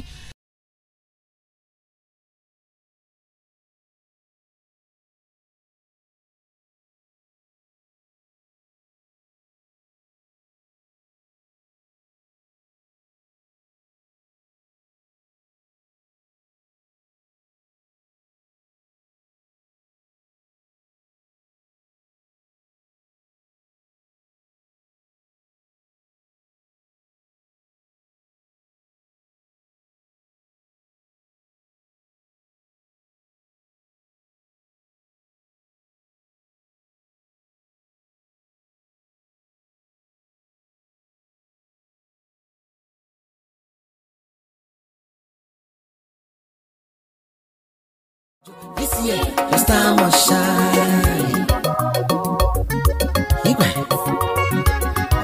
your star must shine. Igwe,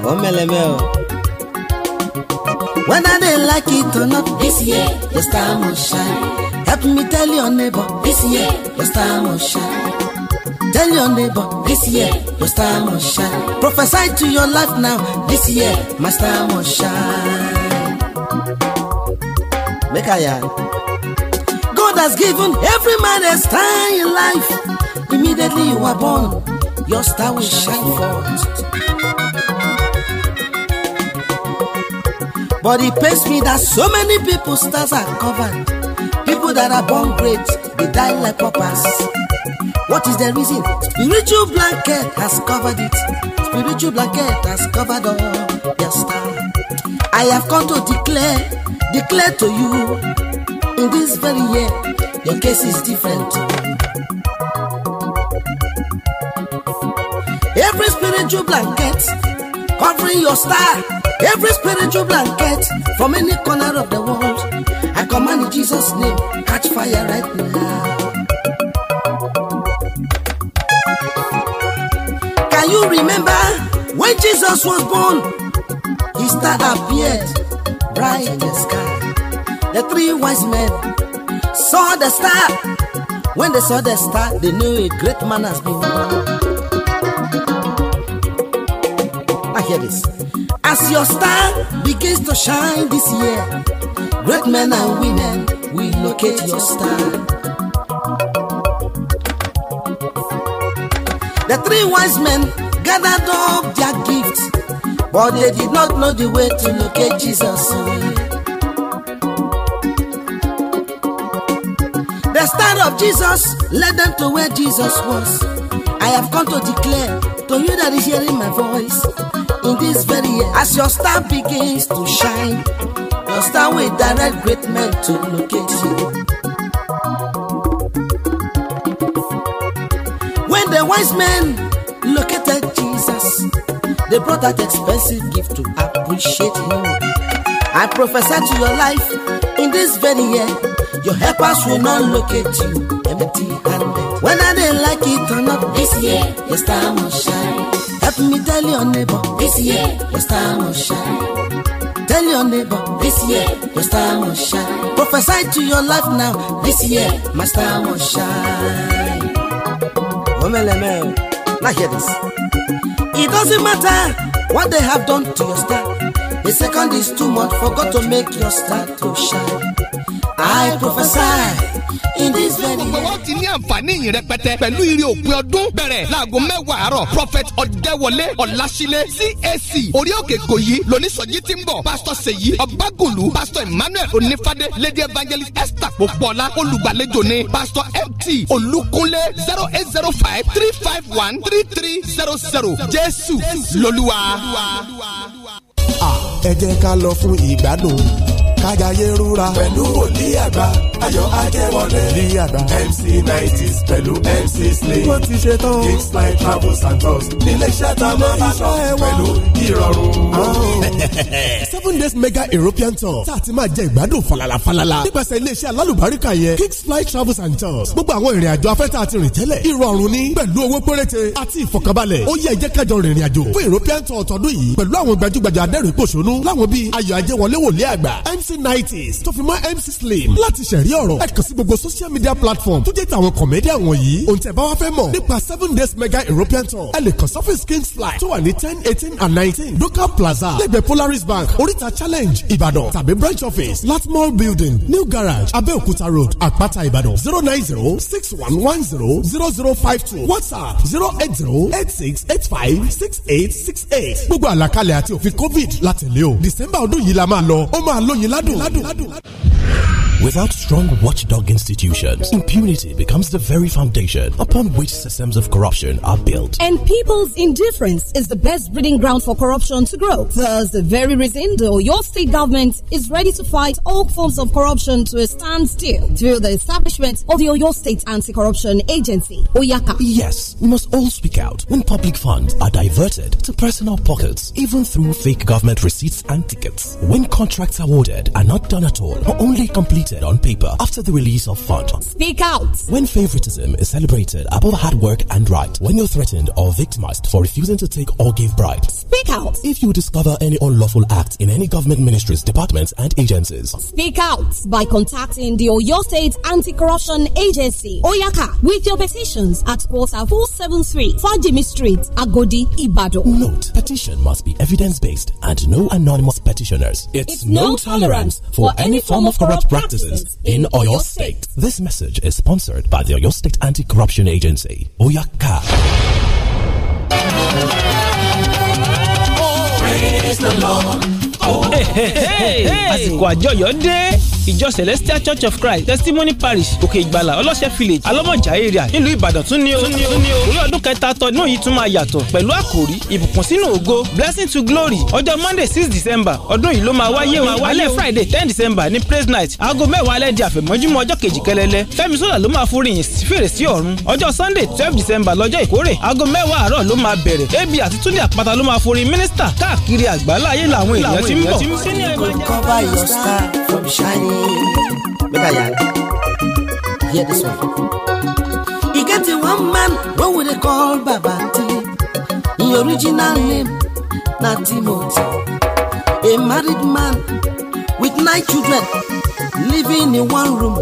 omeleme When I they like it or not, this year your star must shine. Help me tell your neighbor, this year your star must shine. Tell your neighbor this year your star must shine. Prophesy to your life now. This year my star must shine. Make I God has given every man a star in life. Immediately you are born, your star will shine forth. But it pains me that so many people's stars are covered. People that are born great, they die like paupers. What is the reason? Spiritual blanket has covered it. Spiritual blanket has covered all your star. I have come to declare, declare to you in this very year Your case is different. Every spiritual blanket covering your star, every spiritual blanket from any corner of the world. I command in Jesus' name, catch fire right now. Can you remember when Jesus was born? His star appeared bright in the sky. The three wise men saw the star. When they saw the star, they knew a great man has been born. I hear this. As your star begins to shine this year, great men and women will locate your star. The three wise men gathered up their gifts, but they did not know the way to locate Jesus. of Jesus, led them to where Jesus was. I have come to declare to you that is hearing my voice in this very year, as your star begins to shine, your star will direct great men to locate you. When the wise men located Jesus, they brought that expensive gift to appreciate him. I prophesy to your life in this very year Your helpers will not locate you empty handed. When I didn't like it or not, this year your star must shine. Help me tell your neighbor, this year your star must shine. Tell your neighbor, this year your star must shine. Prophesy to your life now, this year my star must shine. Omeleme, now hear this. It doesn't matter what they have done to your star. The second is too much Forgot to make your star to shine. I prophesy in this very year. gbogbo ti ní àǹfààní yìí rẹpẹtẹ pẹ̀lú ire òpin ọdún bẹ̀rẹ̀ láago mẹ́wàá àárọ̀ prophet ọ̀dẹ́wọlé ọ̀làṣílẹ̀ CAC orí òkè kòyí lóníṣọ̀jí ti ń bọ̀ pastor seyi ọ̀bágùlù pastor emmanuel onífádé lady evangelist esther popola olùgbàlejò ni pastor mt olùkúnlé zero eight zero five three five one three three zero zero jésù lolúwa. ẹ jẹ́ ká lọ fún ìgbádùn kájàyé rúra. pẹ̀lú wòlíì àgbà ayọ̀ ajẹ́wọlé. wòlíì àgbà mc nineties pẹ̀lú mc slay. wọ́n ti ṣe tán. kings line travels and tours. nílé iṣẹ́ ta máa bá pẹ̀lú ìrọ̀rùn. seven days mega european tour tá a ti máa jẹ ìgbádùn falala falala nípasẹ̀ iléeṣẹ́ alálùbáríkà yẹn kings fly travels and tours gbogbo àwọn ìrìn àjò afẹ́ tá a ti rìn tẹ́lẹ̀ ìrọ̀rùn ni pẹ̀lú owó péréte àti ìfọ̀kànbalẹ̀ ó yẹ ìjẹ́ kájọ rìnrìn àjò fún european tour tọdún yìí pẹ̀lú àwọn gbajúgbajà adẹ́rìn-pòṣónú láwọn bíi ayọ̀ ajẹ́wọlé wòlíì àgbà mc nineteen s tó fi mọ́ MC Slim láti ṣẹ̀rí ọ̀rọ̀ ẹ kàn sí gbogbo social media platform tó jẹ́ tàwọn comedian wọ̀nyí òun tẹ̀ bá wá fẹ́ mọ̀ nípa seven days mega European tour ẹ lè kàn surface kings fly tó wà ní ten eighteen and nineteen Doka Plaza lẹ́gbẹ̀ẹ́ Polaris Bank oríta challenge Ìbàdàn tàbí branch office Latmore building new garage Abẹ́òkúta road Àpáta Ìbàdàn zero nine zero six one one zero zero zero five two WhatsApp zero eight zero eight six eight five six eight six eight gbogbo àlàkalẹ̀ àti òfin COVID la tẹ̀lé o December ọdún yìí la máa lọ ó máa lóyin ládùn. Without strong watchdog institutions, impunity becomes the very foundation upon which systems of corruption are built. And people's indifference is the best breeding ground for corruption to grow. Thus, the very reason the your state government is ready to fight all forms of corruption to a standstill through the establishment of the Oyo State Anti-Corruption Agency, Oyaka. Yes, we must all speak out when public funds are diverted to personal pockets, even through fake government receipts and tickets. When contracts are awarded, are not done at all or only completed on paper after the release of fund. Speak out! When favoritism is celebrated above hard work and right, when you're threatened or victimized for refusing to take or give bribe, speak out! If you discover any unlawful act in any government ministries, departments, and agencies, speak out by contacting the Oyo State Anti Corruption Agency, Oyaka, with your petitions at quarter 473 Fajimi Street, Agodi, Ibadan. Note, petition must be evidence based and no anonymous petitioners. It's, it's no, no tolerance for any form of corrupt practices in Oyo State. This message is sponsored by the Oyo State Anti-Corruption Agency, Oyaka. Praise the Lord. àsìkò àjọyọ̀ dé ìjọ celestial church of christ testimony parish òkè ìgbàlà ọlọ́sẹ̀ village alọ́mọjà area nílùú ìbàdàn tún ní o orí ọdún kẹta tọdún yìí tún máa yàtọ̀ pẹ̀lú àkòrí ìbùkún sínú ògo blessing to glory ọjọ́ monday six december ọdún yìí ló máa wáyé o alẹ́ friday ten december ní praise night aago mẹ́wàá alẹ́ di àfẹ̀mọ́júmọ́ ọjọ́ kejì kẹlẹ́lẹ́ fẹ́mi sọ́là ló máa forí yìn fèrèsé ọ̀run ọjọ́ sunday twelve december lọ́jọ́ ìkórè aago mẹ́wàá àárọ̀ ló máa bẹ̀rẹ̀ ab àti túnde àpáta ló máa forí mínísítà káàkiri àgbáláyé làwọn èèyàn ti ń cover your star from shining. make I yarn hear this one. e get one man wey would dey call baba t im original name Natimoti. a married man with nine children living in one room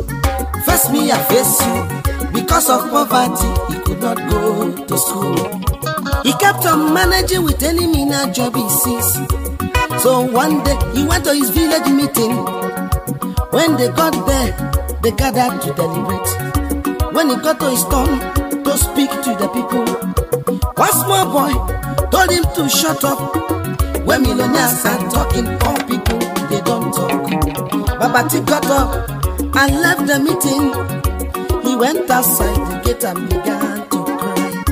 First me i face you because of poverty he could not go to school he kept on managing with any mina job he sees. So one day he went to his village meeting. When they got there, they gathered to deliberate. When he got to his turn to speak to the people, one small boy told him to shut up. When millionaires are talking, poor people they don't talk. Babati got up and left the meeting. He went outside the gate and began to cry.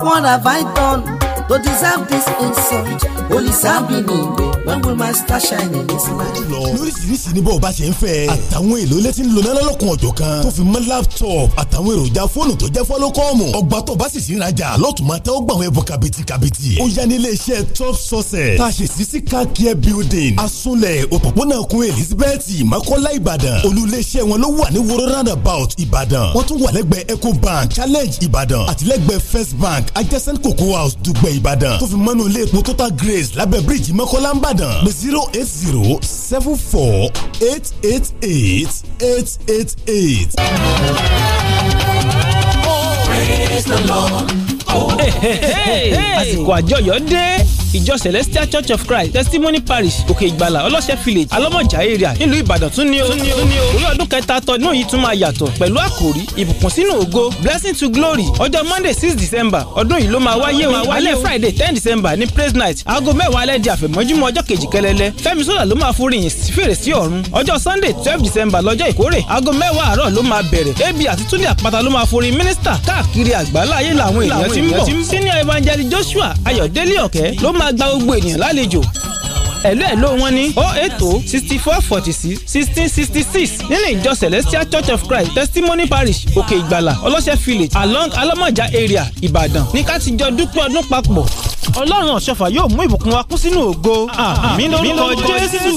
What have I done to deserve this insult? Holy Sabini. when will my star shine in this life. lóríṣiríṣi ní bọ́ọ̀ bá ṣe ń fẹ́ àtàwọn èlò ilé tí ń lona lọ́lọ́kun ọ̀jọ̀ kan tó fi mọ́ laptop àtàwọn èròjà fóònù tó jẹ́ fọ́lọ́kọ́ọ̀mù ọgbà tó bá sì sí ìrajà lọ́tùmọ̀ tẹ́ ó gbà wọn ẹ̀bùn kàbìtì kàbìtì ó yá ní iléeṣẹ́ top sources tá a ṣe sí sí car care building asunlẹ̀ òpópónà kun elizabeth makola ìbàdàn olùléeṣẹ́ wọn ló wà ní woro roundabout ibadan. wọ́n tún wà lẹ́gbẹ̀ẹ́ Bank challenge ìbàdàn àtìlẹ́gbẹ̀ẹ́ first bank adjacent cocoa house dùgbẹ̀ ibadan. tó fi mọ́nú ilé epo total grace lábẹ́ bíríìjì mọ́kọ́lá ń bàd Ìbàdàn pé zero eight zero seven four eight eight eight eight eight eight. Praise the Lord. Àsìkò àjọyọ̀ dé ìjọ celestial church of christ testimony parish òkè ìgbàlà ọlọ́sẹ̀ village alọ́mọjà area nílùú ìbàdàn tún ní o orí ọdún kẹta tọdún yìí tún máa yàtọ̀ pẹ̀lú àkòrí ìbùkún sínú ògo blessing to glory ọjọ́ monday six december ọdún yìí ló máa wáyé o alẹ́ friday ten december ní praise night aago mẹ́wàá alẹ́ di àfẹ̀mọ́júmọ́ ọjọ́ kejì kẹlẹ́lẹ́ fẹ́mi sọ́là ló máa foríyìn fèrè sí ọ̀run ọjọ́ sunday twelve december lọ́jọ́ ìkórè aago mẹ́wàá àárọ̀ ló máa bẹ̀rẹ̀ ebi àti túnde àpáta ló máa forin mínísítà káàkiri àgbáláyé làwọn èèyàn ti ń bọ̀ senior evangelist joshua ayọ̀délé ọ̀kẹ́ ló máa máa gba gbogbo ènìyàn lálejò ẹ̀lú ẹ̀lú wọn ní o oh ètò oh sixty four forty six sixteen sixty six nínú ìjọ celestial church of christ testimony parish òkè ìgbàlà ọlọ́sẹ̀ village along Alamaja area ìbàdàn ní ká ti jọ dúpẹ́ ọdún papọ̀ ọlọ́run ọ̀ṣọ́fà yóò mú ìbùkún wa kún sínú ògo àmín lórúkọ jésù.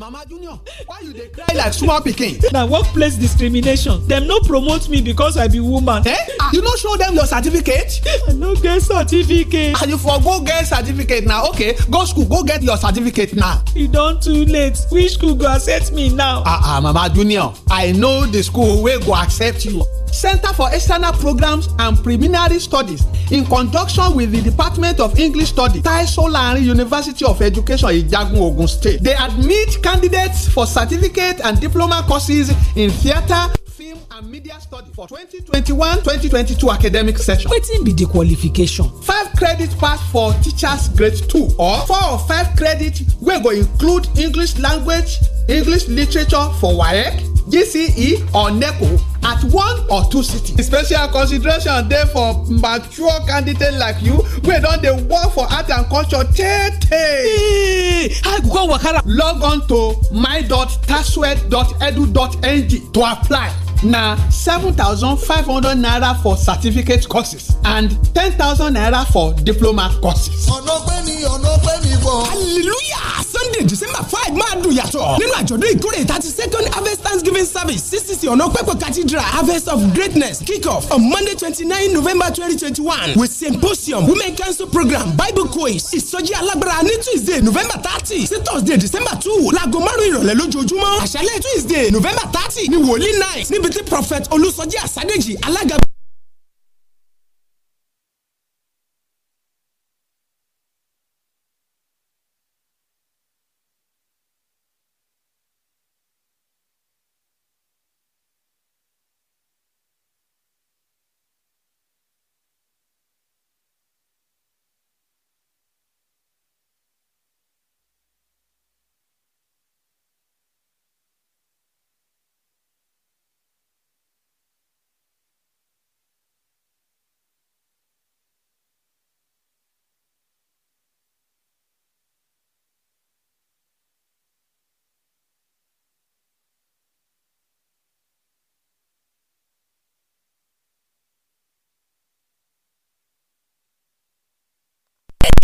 mama junior why you dey cry like small pikin. na workplace discrimination dem no promote me because i be woman. eh ah, you no show dem your certificate. i no get certificate. and ah, you for go get certificate na okay go school go get your certificate na. e don too late which school go accept me now. ah ah mama junior i know the school wey go accept you. Center for External Programs and Preliminary Studies in conjunction with the Department of English Studies, Taiso Larin University of Education, Ijagun, Ogun State. They admit candidates for certificate and diploma courses in theatre, film and media study for 2021-2022 academic session. wetin be di qualification? five credit pass for teachers grade two or four or five credit wey go include english language english literature for waec gce or neco at one or two cities. special consideration dey for mature candidates like you wey don dey work for art and culture tey tey. how you go come waka. log on to my.tasweb.edu.ng to apply na seven thousand five hundred naira for certificate courses and ten thousand naira for diploma courses. ọ̀nà pẹ́ mi ọ̀nà pẹ́ mi bọ̀. hallelujah sunday december five máa dùn yàtọ̀ nínú àjọ̀dún ìkórè thirty second harvest thanksgiving service ccc ọ̀nà pẹ́pẹ́ cathedral harvest of greatness kick off on monday twenty nine november twenty twenty one with symposium women council program bible quiz ìsọjí alágbára ní tuesday november thirty sí thursday december two laago márùn-ún ìrọ̀lẹ́ lójoojúmọ́ àṣálẹ́ tuesday november thirty ní wòlíì night níbi secretary prophet olùsọjí àsádéjì alága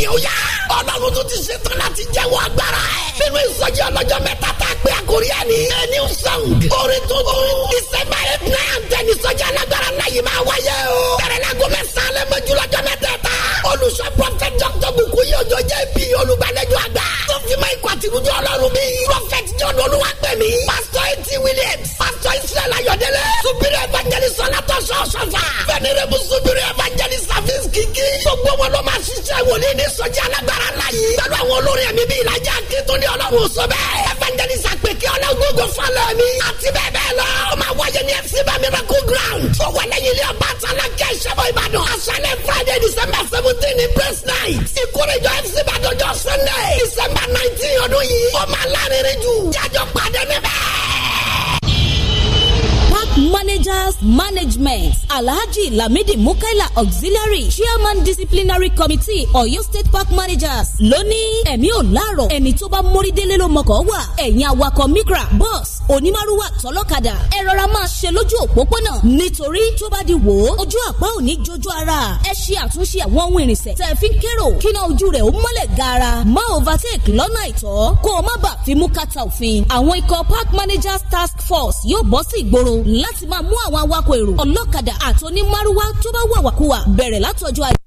ni ó yá. ọlọ́run tún ti ṣetán láti jẹ́wọ́ agbára ẹ̀. nínú ìsọjí ọlọ́jọ́ mẹ́ta tá a pè àkórí ẹ̀ ní. a new song. orin tuntun. december eight nine and ten ìsọjí alágbára náà yìí máa wáyé o. bẹ̀rẹ̀ la gómẹ̀ sàn lẹ́mọ̀jú lọ́jọ́ mẹ́tẹ̀ẹ̀ta. olùṣọ́ prophet dr buku yìí ọjọ́ jẹ́ bí olùgbàlejò àgbà. tó fi máa ikọ̀ àtìrújọ ọlọ́run mi. prophet john olúwàgbẹ̀mí. pastor eti williams. pastor israel ayọ̀dẹ́lẹ̀. superior evangelist ọ̀làtọ̀ sọ̀ọ̀sọ̀fà kìkì. gbogbo wọn ló máa ṣiṣẹ́ wòlíì ní sọ́jà alágbára la yìí. pẹ̀lú àwọn olórin ẹ̀mí bíi ìlàjà akétúndé ọlọ́run sọ bẹ́ẹ̀. evangelist àpèké ọlọ́gbogbo falẹ̀ mi. àti bẹ́ẹ̀ bẹ́ẹ̀ lọ. máa wáyé ní fc miracle ground. ó wà lẹ́yìn ilé ọba àtàlà kẹ́ ìṣẹ́bọ̀ ìbàdàn. aṣálẹ̀ friday december seventeen ní praise night. ìkórèjọ fc ìbàdàn sunday december nineteen ọdún yìí. ó máa lárinrin jù. jájọ pàdé níbẹ̀. Leaders Management Alhaji Lamidi Mukaila Auxiliary Chairman Disciplinary Committee Ọ̀yọ́ State Park Managers lónìí ẹ̀mí ò láàrọ̀ ẹni tó bá mórí délé ló mọ̀kọ́ wà ẹ̀yìn awakọ̀ micra bus onímàrúwà tọlọ́kadà ẹ rọra máa ṣe lójú òpópónà nítorí tó bá di wò ó ojú àpá ò ní jojú ara ẹ ṣe àtúnṣe àwọn ohun ìrìnsẹ̀ tẹ̀ fi ń kérò kíná ojú rẹ̀ ó mọ́lẹ̀ gaara má overtake lọ́nà àìtọ́ kó o má bàa fi mú kàtà òfin àwọn ikọ̀ park managers task force yóò bọ́ sí ìgboro láti máa mú fún àwọn awakọ̀ èrò ọlọ́kadà àti onímárúwá tó bá wàwàkuwà bẹ̀rẹ̀ látọjọ́ ajé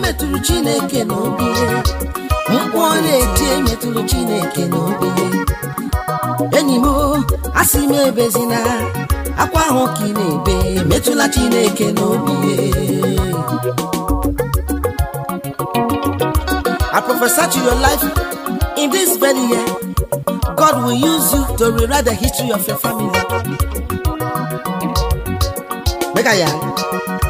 emetụrụ chineke n'obi mkpu ọ na-eti emetụrụ chineke n'obi enyi m asị m ebezina akwa ahụ ka ị na-ebe emetụla chineke n'obi I prophesy to your life in this very year. God will use you to rewrite the history of your family. Make I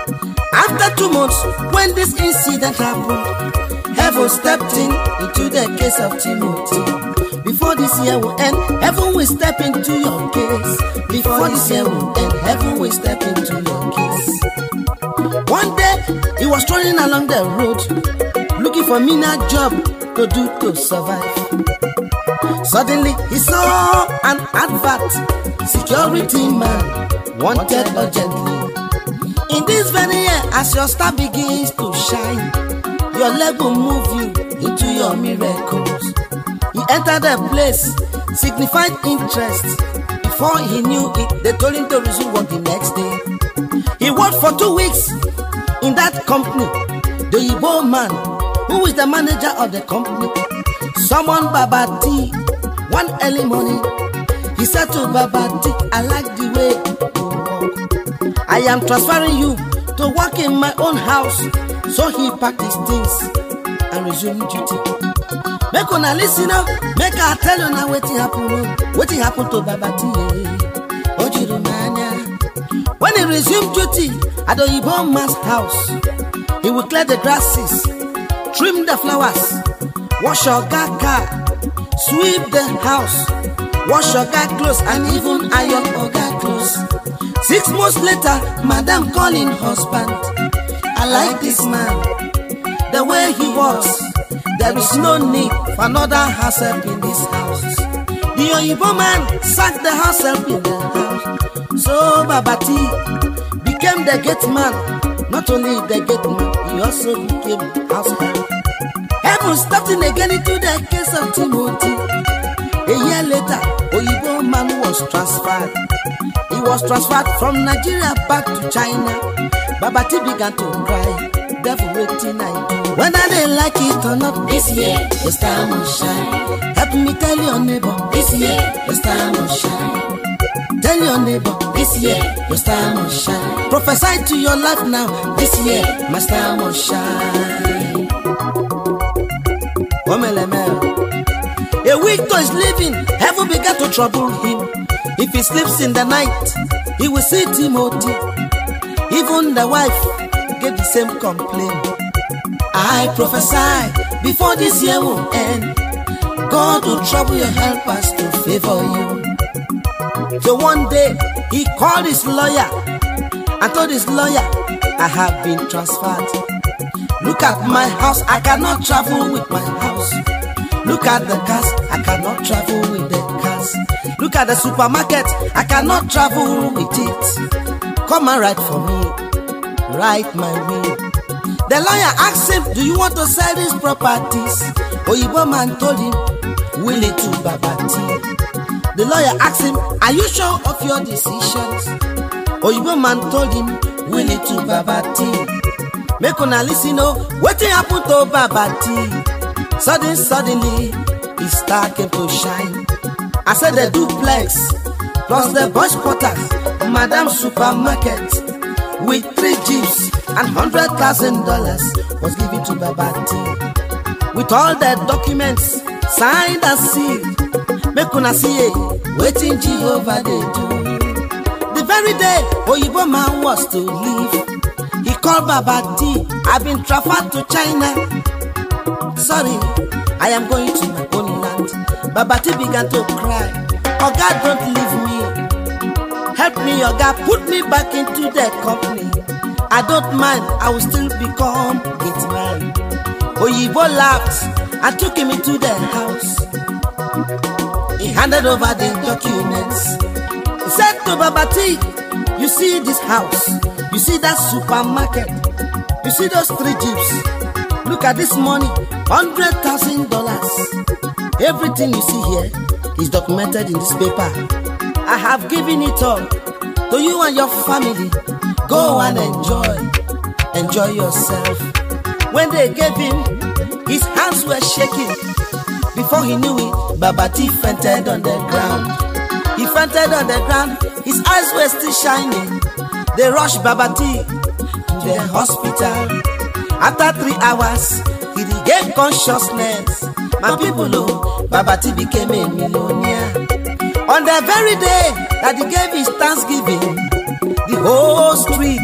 After two months, when this incident happened, heaven stepped in into the case of Timothy. Before this year will end, heaven will step into your case. Before this year will end, heaven will step into your case. One day, he was strolling along the road, looking for menial job to do to survive. Suddenly, he saw an advert. Security man wanted urgently. In this very year, as your star begins to shine, your leg will move you into your miracles. He entered the place, signified interest. Before he knew it, they told him to resume work the next day. He worked for two weeks in that company. The Igbo man, who is the manager of the company, summoned Baba T one early morning. He said to Baba T, I like the way I am transferring you to work in my own house. So he packed his things and resumed duty. Make una listen now, oh. make I tell you now wetin happen, oh. wetin happen to Baba Tiye. Eh? O juru When he resumed duty at the Oyinbo man's house, he would clear the grasses, trim the flowers, wash your car, sweep the house, wash your oga clothes and even iron your oga clothes. Six months later, madam calling husband. I like this man, the way he walks. There is no need for another househelp in this house. The Oyibo man sacked the househelp in the house. So Babati became the gate man. Not only the gate man, he also became house househelp. Heaven starting again into the case of Timothy. A year later, Oyibo man was transferred. He was transferred from Nigeria back to China. Baba T began to cry. Devil waiting I do. Whether they like it or not, this year the star will shine. Help me tell your neighbor, this year the star will shine. Tell your neighbor, this year your star will shine. Prophesy to your life now, this year my star will shine. a weak is living, heaven began to trouble him. If he sleeps in the night, he will see Timothy. Even the wife get the same complaint. I prophesy before this year will end. God will trouble your helpers to favor you. So one day he called his lawyer and told his lawyer, I have been transferred. Look at my house, I cannot travel with my house. Look at the cars, I cannot travel with them look at the supermarket. I cannot travel with it. Come and write for me. Write my will. The lawyer asked him, Do you want to sell these properties? Oyibo man told him, Will it to Babati? The lawyer asked him, Are you sure of your decisions? Oyibo man told him, Will it to Babati? Make una listen, oh, what happened to Babati? Suddenly, suddenly, it started to shine. I said the duplex plus the Bosch Potter, Madame Supermarket with three jeeps and hundred thousand dollars was given to Babati with all the documents signed and sealed. Make una see waiting Jehovah they do. The very day Oyibo man was to leave, he called Babati. I've been transferred to China. Sorry, I am going to my own Babati began to cry. Oga, don't leave me. Help me, Oga, put me back into the company. I don't mind, I will still become it man. Oyibo laughed and took him into the house. He handed over the documents. He said to Babati, You see this house, you see that supermarket, you see those three jeeps. Look at this money, hundred thousand dollars. Everything you see here is documented in this paper. I have given it all to you and your family. Go and enjoy, enjoy yourself. When they gave him, his hands were shaking. Before he knew it, Babati fainted on the ground. He fainted on the ground, his eyes were still shining. They rushed Babati to the hospital. After three hours, he regained consciousness my people oh, baba ti became a millionaire on the very day that he gave his thanksgiving the whole street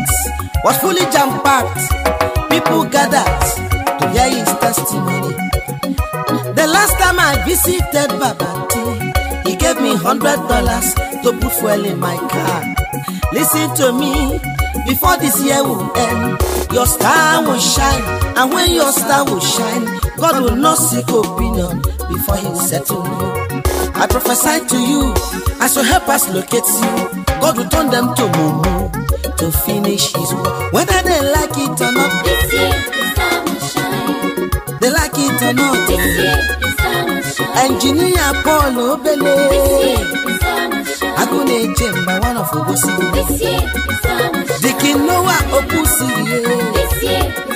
was fully jam packed people gathered to hear his testimony the last time i visited baba ti he gave me hundred dollars to put fuel in my car listen to me before this year will end your star will shine and when your star will shine God will not seek opinion before He settle you. I prophesy to you as you help us locate you. God will turn them to mumu to finish His work, whether they like it or not. This year the sun will shine. They like it or not. This year the sun will shine. Engineer Paul Obele. This year the sun will shine. Agunle Jemba one of Obosi. This year the sun will shine. Dikin Noah Obusi. This year the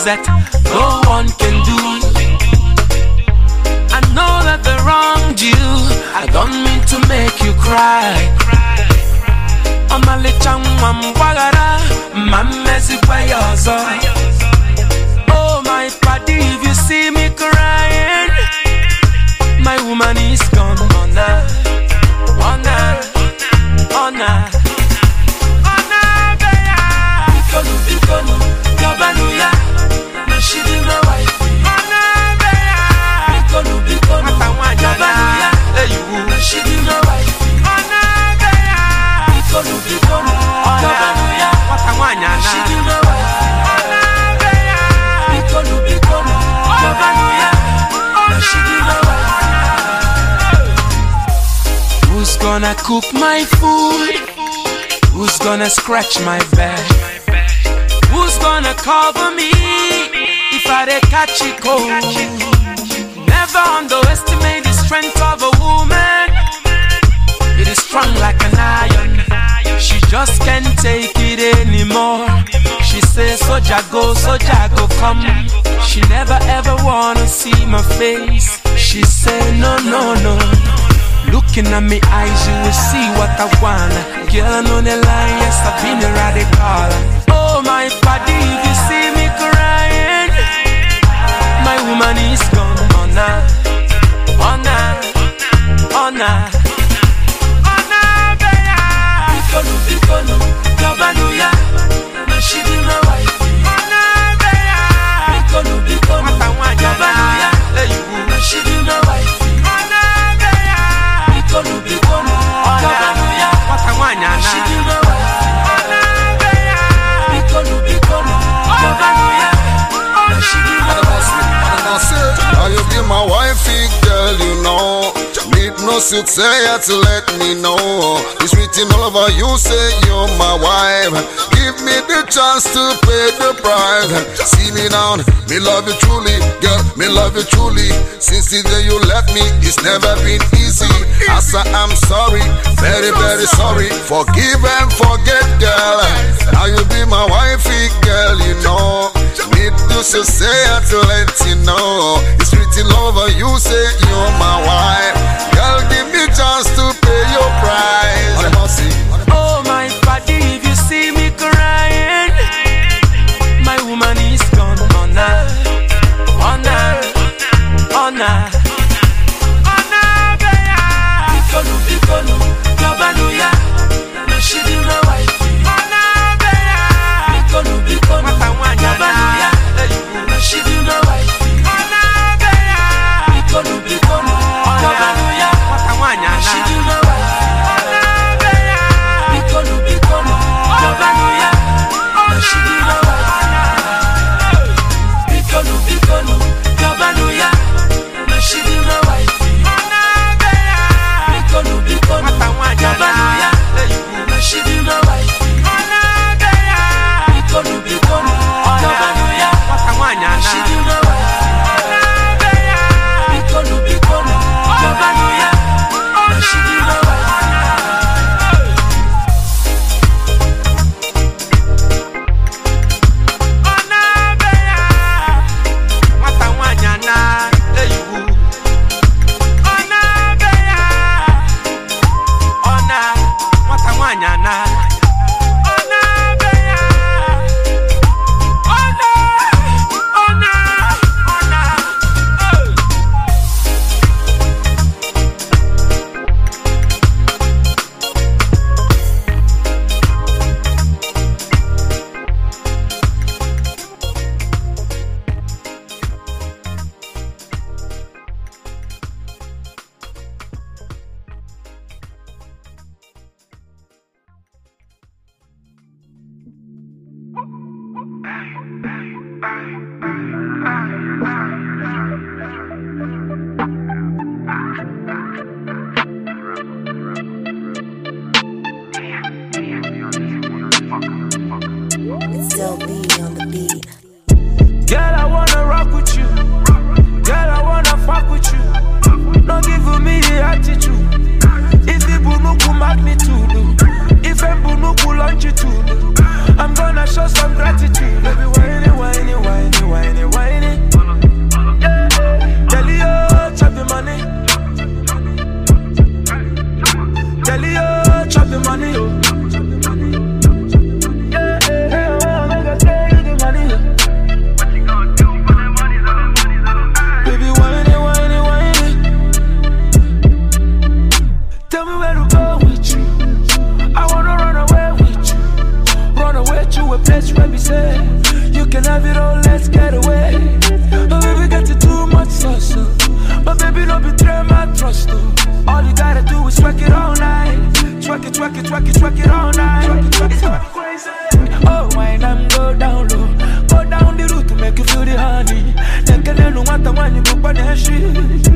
things that no one can do. I know that they wronged you. I don't mean to make you cry. Ọmalịcha nwa m gbaghara ma Oh my paddy, if you see me crying, my woman is gone. ona, ona, ona, Honor, honor. Bikonu, bikonu, yọbanu ya gonna cook my food? Who's gonna scratch my back? Who's gonna cover me? if I dey catch it cold. Never underestimate the strength of a woman. It is strong like an iron. She just can't take it anymore. She says, "So jago, so jago, come. She never ever wanna see my face. She say, No, no, no. Looking at me eyes, you will see what I wanna. Girl, no, the lie. yes, I've been a radical. Oh, my body. Money is gone on her, on her, on her, on her, on her, on her, on her, on her, Now you be my wifey, girl, you know Need no suit, say to let me know It's written all over you, say you're my wife Give me the chance to pay the price See me now, me love you truly Girl, me love you truly Since the day you left me, it's never been easy As I am sorry, very, very sorry Forgive and forget, girl Now you be my wifey, girl, you know it used so say I to let you know It's written over you say you're my wife Girl give me chance to pay your price twerk it, twerk it all night. Oh, wine and go down low. Oh. Go down the road to make you feel the honey. Then can you want the one you go on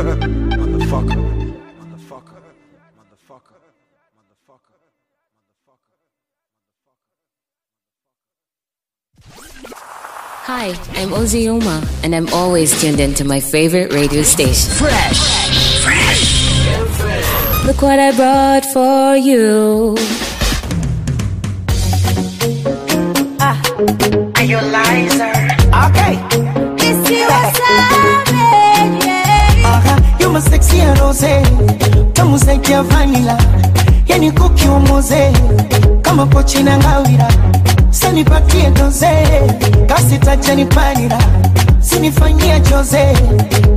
Motherfucker. Hi, I'm Ozzy Uma, and I'm always tuned into my favorite radio station. Fresh. Fresh. Fresh. Look what I brought for you. Ah. Are you a liar? Okay. juisi ya rose tamu zaidi ya vanila, yani kuki omoze kama pochi na ngawira, sanipatie doze kasi tajanipanira sinifanyia jose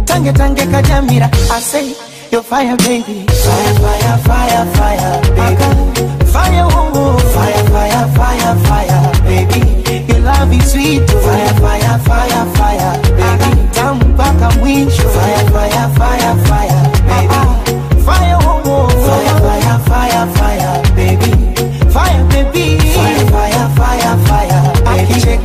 tange tange kajamira ase yo fire baby fire fire fire fire baby fire oh, oh. fire fire fire fire baby your love is sweet oh. fire fire fire fire baby tamu mpaka mwisho fire fire fire fire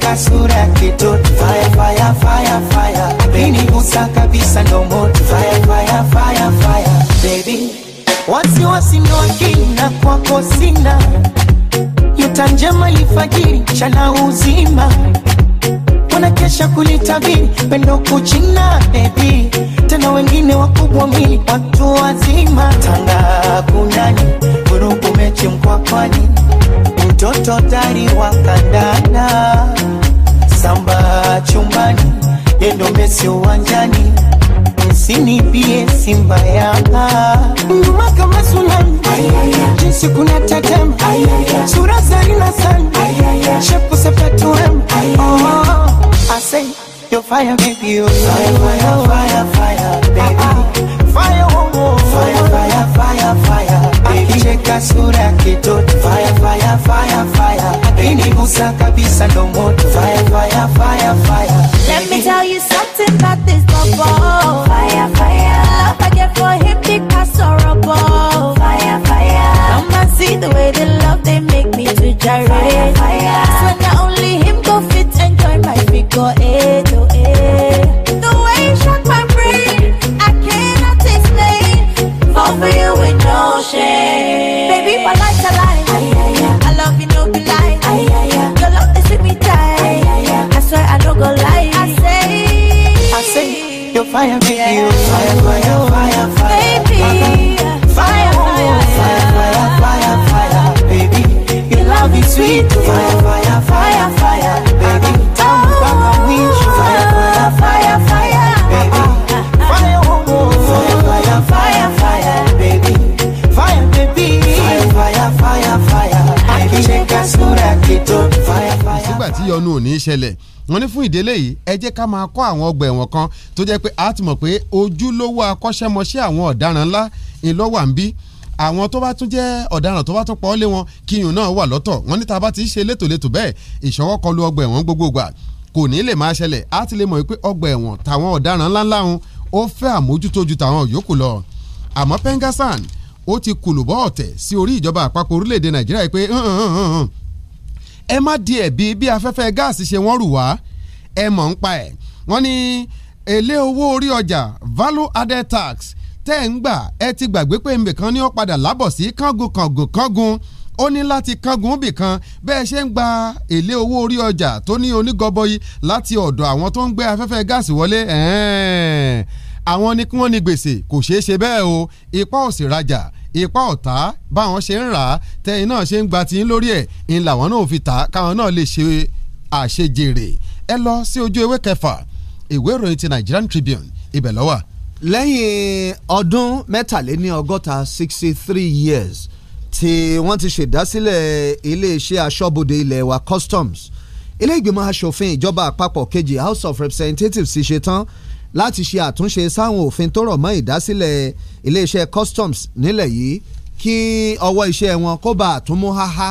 katika sura ya kitoto. Fire fire fire fire, umenigusa kabisa ndo moto. Fire fire fire fire, baby wasi wasi ndo akina kwako sina, yuta njema lifajiri chana uzima kesha kulitabiri pendo kuchina baby tena wengine wakubwa mili watu wazima tanga kunani vurugu mechi mkwakwani mtoto tari wa Samba chumbani, yendo Messi uwanjani, msinipie Simba Yanga. Mwaka masulani, jinsi kuna tatema, sura za Rina shepu sepatu em, oh, oh. fire baby, you're oh, oh, fire, fire, fire, fire, baby, ah, ah. fire, akicheka sura ya kitoto, fire fire fire fire, akinibusa kabisa no moto, fire fire fire fire. Let me tell you something about this bubble. fire fire, love I get for him because horrible, fire fire. Come and see the way they love, they make me to gyrate, fire fire. So not only him go fit, enjoy my figure eight oh eight. for you with no shame. Baby, my life's a lie. I love you, no be lie. Your love is with me tight. Aye, aye, aye. I swear I don't go lie. I say, I say, you're fire, baby. Yeah. You're fire, fire, fire, fire. Baby. ṣẹlẹ̀ wọ́n ní fún ìdílé yìí ẹ jẹ́ ká máa kọ́ àwọn ọgbà ẹ̀wọ̀n kan tó jẹ́ pé a ti mọ̀ pé ojúlówó akọ́ṣẹ́mọṣẹ́ àwọn ọ̀daràn ńlá ìlọ́wà ń bí àwọn tó bá tún jẹ́ ọ̀daràn tó bá tún pọ̀ lé wọn kíyùn náà wà lọ́tọ̀ wọ́n ní tá bá ti ṣe létòlétò bẹ́ẹ̀ ìṣọwọ́ kọlu ọgbà ẹ̀wọ̀n gbogbogbà kò ní lè máa ṣẹlẹ̀ á ti lè mọ̀ pé ọgbà ẹ̀wọ̀n tàwọn ọ̀daràn ńláńlá hun ó fẹ́ àmójútó ju tàwọn yòókù lọ àmọ́ Pengassan ó ti kùlùbọ́ ọ̀tẹ̀ sí orí ìjọba àpapọ̀ orílẹ̀-èdè Nàìjíríà pé ẹ má di ẹ̀bi bí afẹ́fẹ́ gáàsì ṣe wọ́n rù wá ẹ mọ̀ ń pa ẹ̀ wọ́n ní èlé owó orí ọjà value added tax tẹ́ ń gbà ẹ ti gbàgbé pé nbẹ̀kan ni ó padà lábọ̀ sí kángun kángun kángun ó ní láti kángun bì kan bẹ́ẹ̀ ṣe ń gba èlé owó orí ọjà tó ní onígọbọyì láti ọ̀dọ̀ àwọn tó ń gbé afẹ́fẹ́ gáàsì wọlé àwọn ni kí wọ́n ní gbèsè kò ṣeé ṣe bẹ́ẹ̀ o ipa òsì rajà ipá ọ̀tá báwọn ṣe ń rà á tẹ́yìn náà ṣe ń gba tiyín lórí ẹ̀ ń làwọn náà fi tà á káwọn náà lè ṣe àṣejèrè ẹ lọ sí ojú ewé kẹfà ìwé ìròyìn ti Nigerian Tribune ibẹ̀ ló lẹ́yìn ọdún mẹ́tàléní sixty three years tí wọ́n ti ṣèdásílẹ̀ iléeṣẹ́ aṣọ́bodè ilẹ̀ wa customs ilé ìgbìmọ̀ asòfin ìjọba àpapọ̀ kejì House of Representatives ti ṣe tán láti ṣe àtúnṣe sáwọn òfin tó rọ̀ mọ́ ìdásílẹ̀ iléeṣẹ́ customs nílẹ̀ yìí kí ọwọ́ iṣẹ́ wọn kó bá àtúnmú háhá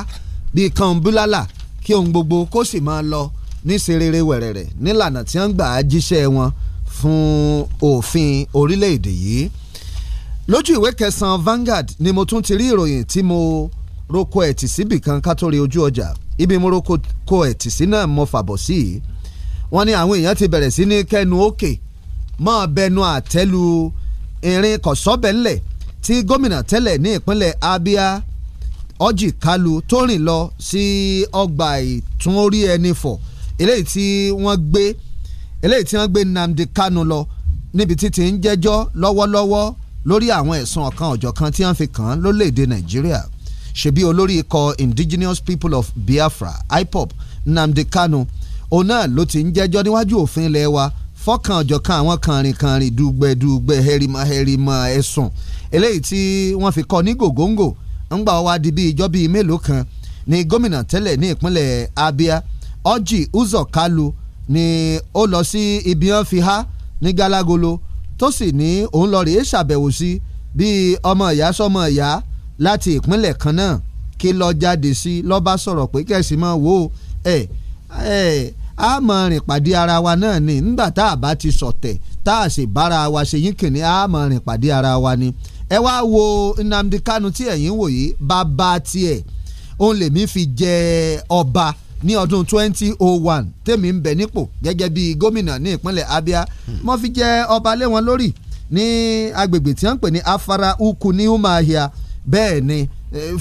bíi kan búlálà kí ohun gbogbo kó sì máa lọ ní serere wẹ̀rẹ̀rẹ̀ nílànà tí wọ́n gbà á jíṣẹ́ wọn fún òfin orílẹ̀-èdè yìí lójú ìwé kẹsàn-án Vanguard ni mo tún ti rí ìròyìn tí mo roko ẹ̀tì síbì kan ká tó rí ojú ọjà ibi mo roko ẹ̀tì sí náà mo fàbọ̀ sí i wọ́n ní àwọn èèyàn ti bẹ̀rẹ̀ sí ní kẹnu òkè okay máa bẹnu àtẹ́lu irin kọ̀sọ́bẹ̀lẹ̀ tí gómìnà tẹ́lẹ̀ ní ìpínlẹ̀ Abia Orji Kalu tó rìn lọ sí ọgbà ìtúnórí ẹni fọ̀ eléyìí tí wọ́n gbé eléyìí tí wọ́n gbé Nnamdi Kanu lọ níbi títí ń jẹ́jọ́ lọ́wọ́lọ́wọ́ lórí àwọn ẹ̀sùn ọ̀kan ọ̀jọ̀kan tí wọ́n fi kàn án lórílẹ̀‐èdè Nàìjíríà ṣebí olórí ikọ̀ Indigenous People of Biafra IPOB Nnamdi Kanu òun náà ló ti ń jẹ́jọ́ níwájú òfin ilẹ̀ wa àfọkànjọ̀kan àwọn kànrìnkànrìn dùgbẹ̀dùgbẹ̀ hẹrìmọ̀hẹrìmọ̀ ẹ̀sùn eléyìí tí wọ́n fi kọ́ ní gògóńgò ńgbà wá di bíi ijọ́ bíi mélòó kan ni gómìnà tẹ́lẹ̀ ní ìpínlẹ̀ Abia Orji Uzor Kalu ni ó lọ sí ibi wọn fi há ní Galagolo tó sì ní òun lọ rèé ṣàbẹ̀wò sí bíi ọmọ ìyá sọmọ ìyá láti ìpínlẹ̀ kan náà kí lọ jáde sí lọ́ba sọ̀rọ̀ pé kẹ̀sì máa wò ó ẹ̀ ẹ̀ a mọ̀ rìn pàdé ara wa náà ni nígbà tá a bá ti sọ̀tẹ̀ tá a sì bára wa ṣe yín kìnìún a mọ̀ rìn pàdé ara wa ni ẹ wá wo Nnamdi Kanu tí ẹ̀yin wò yìí bàbá tiẹ̀ òun lèmi fi jẹ ọba ní ọdún 2001 tèmi ń bẹ nípò gẹ́gẹ́ bí gómìnà ní ìpínlẹ̀ Abia hmm. mo fi jẹ ọba lé wọn lórí ní agbègbè tí wọ́n ń pè ní Afara Uku ní Umahia bẹ́ẹ̀ ni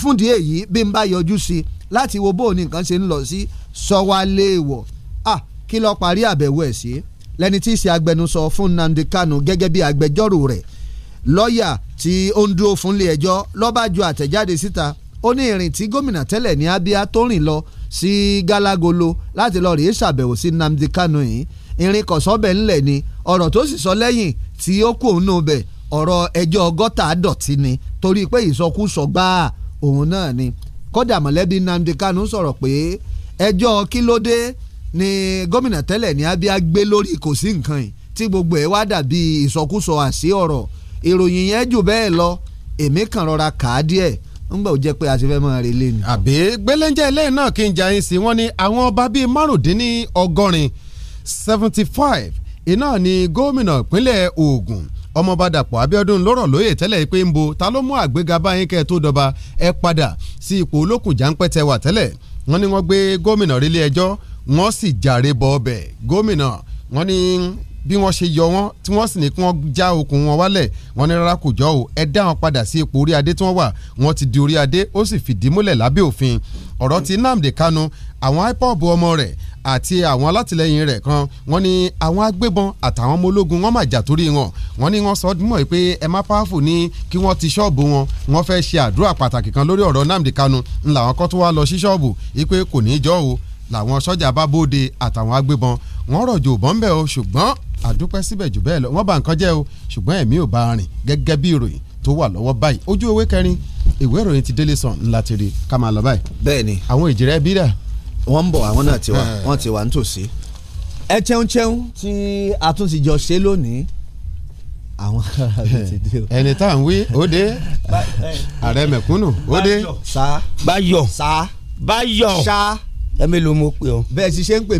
fúndìí èyí bí n bá yọjú sí láti wo bóun ní nǹkan ṣe ń lọ sí sọwálé ìwọ̀ ah kí ló parí àbẹ̀wò ẹ̀ sí lẹ́ni tí í ṣe agbẹnusọ fún Nnamdi Kanu gẹ́gẹ́ bí agbẹjọ́rò rẹ̀ lọ́ọ̀yà tí ó ń dúró fúnlé ẹjọ́ ló ju àtẹ̀jáde síta ó ní ìrìn tí gómìnà tẹ́lẹ̀ ní Abia tó rìn lọ sí Galagolo láti lọ rèé ṣàbẹ̀wò sí Nnamdi Kanu yìí ìrìn kọ̀sọ́bẹ̀ ńlẹ̀ ni ọ̀rọ̀ tó sì sọ lẹ́yìn tí ó kù òun náà bẹ̀ ọ̀rọ̀ ẹjọ́ ọgọ́ta àdọ̀tí ni torí pé ìsọkúsọ gbáà òun náà ni kódà mọ̀lẹ́bí Nnamdi Kanu sọ̀rọ̀ pé ẹjọ́ kílódé ni gómìnà tẹ́lẹ̀ ní Abia gbé lórí kò sí nǹkan yìí tí gbogbo ẹ̀ wá dàbí ìsọkúsọ àsí ọ̀rọ̀ ìròyìn yẹn jù bẹ́ẹ̀ lọ èmi kàn rọra kà á díẹ̀ ńgbà ó jẹ́ pé a ti fẹ́ máa relé ni. àbí gbẹlẹ́njẹ́ ilé náà kí n jà yín sí wọn ni àwọn ọba bíi márùndínní ọgọ́rin seventy five iná ni gómìnà ìpínlẹ̀ Ògùn ọmọọba Dàpọ̀ Abíọ́dún lọ́rọ̀ lóyè tẹ́lẹ̀ pé ń bo ta ló mú àgbéga báyìí kẹ́ ẹ tó dọba ẹ padà sí ipò olókùn jáńpẹ́ tẹ wà tẹ́lẹ̀ wọ́n ní wọ́n gbé gómìnà rílé ẹjọ́ wọ́n sì jàre bọ ọbẹ̀ gómìnà wọ́n ní bí wọ́n ṣe yọ wọ́n tí wọ́n sì ní kí wọ́n já okùn wọn wálẹ̀ wọ́n ní rárá kò jọ o ẹ dá wọn padà sí ipò orí adé tí wọ́n wà wọ́n ti di orí adé ó sì fìdí múlẹ̀ lábẹ́ òfin ọ̀rọ̀ ti Nnamdi Kanu àwọn IPOB ọmọ rẹ̀ àti àwọn alátìlẹyìn rẹ̀ kan wọ́n ní àwọn agbébọn àtàwọn ọmọ ológun wọ́n mà jà torí wọn wọ́n ní wọ́n sọ mọ̀ pé ẹ má powerful ní kí wọ́n ti ṣọ́ọ̀bù wọn wọ́n fẹ́ ṣe àdúrà pàtàkì kan lórí ọ̀rọ̀ Nnamdi Kanu ńlá wọn kọ́ tó wá lọ sí ṣọ́ọ̀bù yìí pé kò ní í jọ́ o làwọn sọ́jà bá bóde àtàwọn agbébọn wọ́n rọ̀jò bọ́ńbẹ́ o ṣùgbọ́n àdúpẹ́ síbẹ̀ jù bẹ́ẹ̀ lọ wọ́n bá nǹkan jẹ́ o ṣùgbọ́n ẹ̀mí ò bá rìn gẹ́gẹ́ bí ìròyìn tó wà lọ́wọ́ báyìí ojú ewé kẹrin ìwé ìròyìn ti Daily Sun ńlá ti rí ká máa lọ báyìí. bẹ́ẹ̀ni àwọn ìjìrẹ́ bí dà. wọ́n ń bọ̀ àwọn náà ti wà wọ́n ti wà nítòsí. ẹ cheun cheun tí a tún ti jọ ṣe lónìí àwọn ará mi ti dé o. ẹni tá à ń wí ó ààrẹ mẹ̀kúnnù ó dé. sa Báyọ̀ sa Báyọ̀ sa ẹ mélòó mo pè ọ. bẹ́ẹ̀ ṣiṣẹ́ ń pè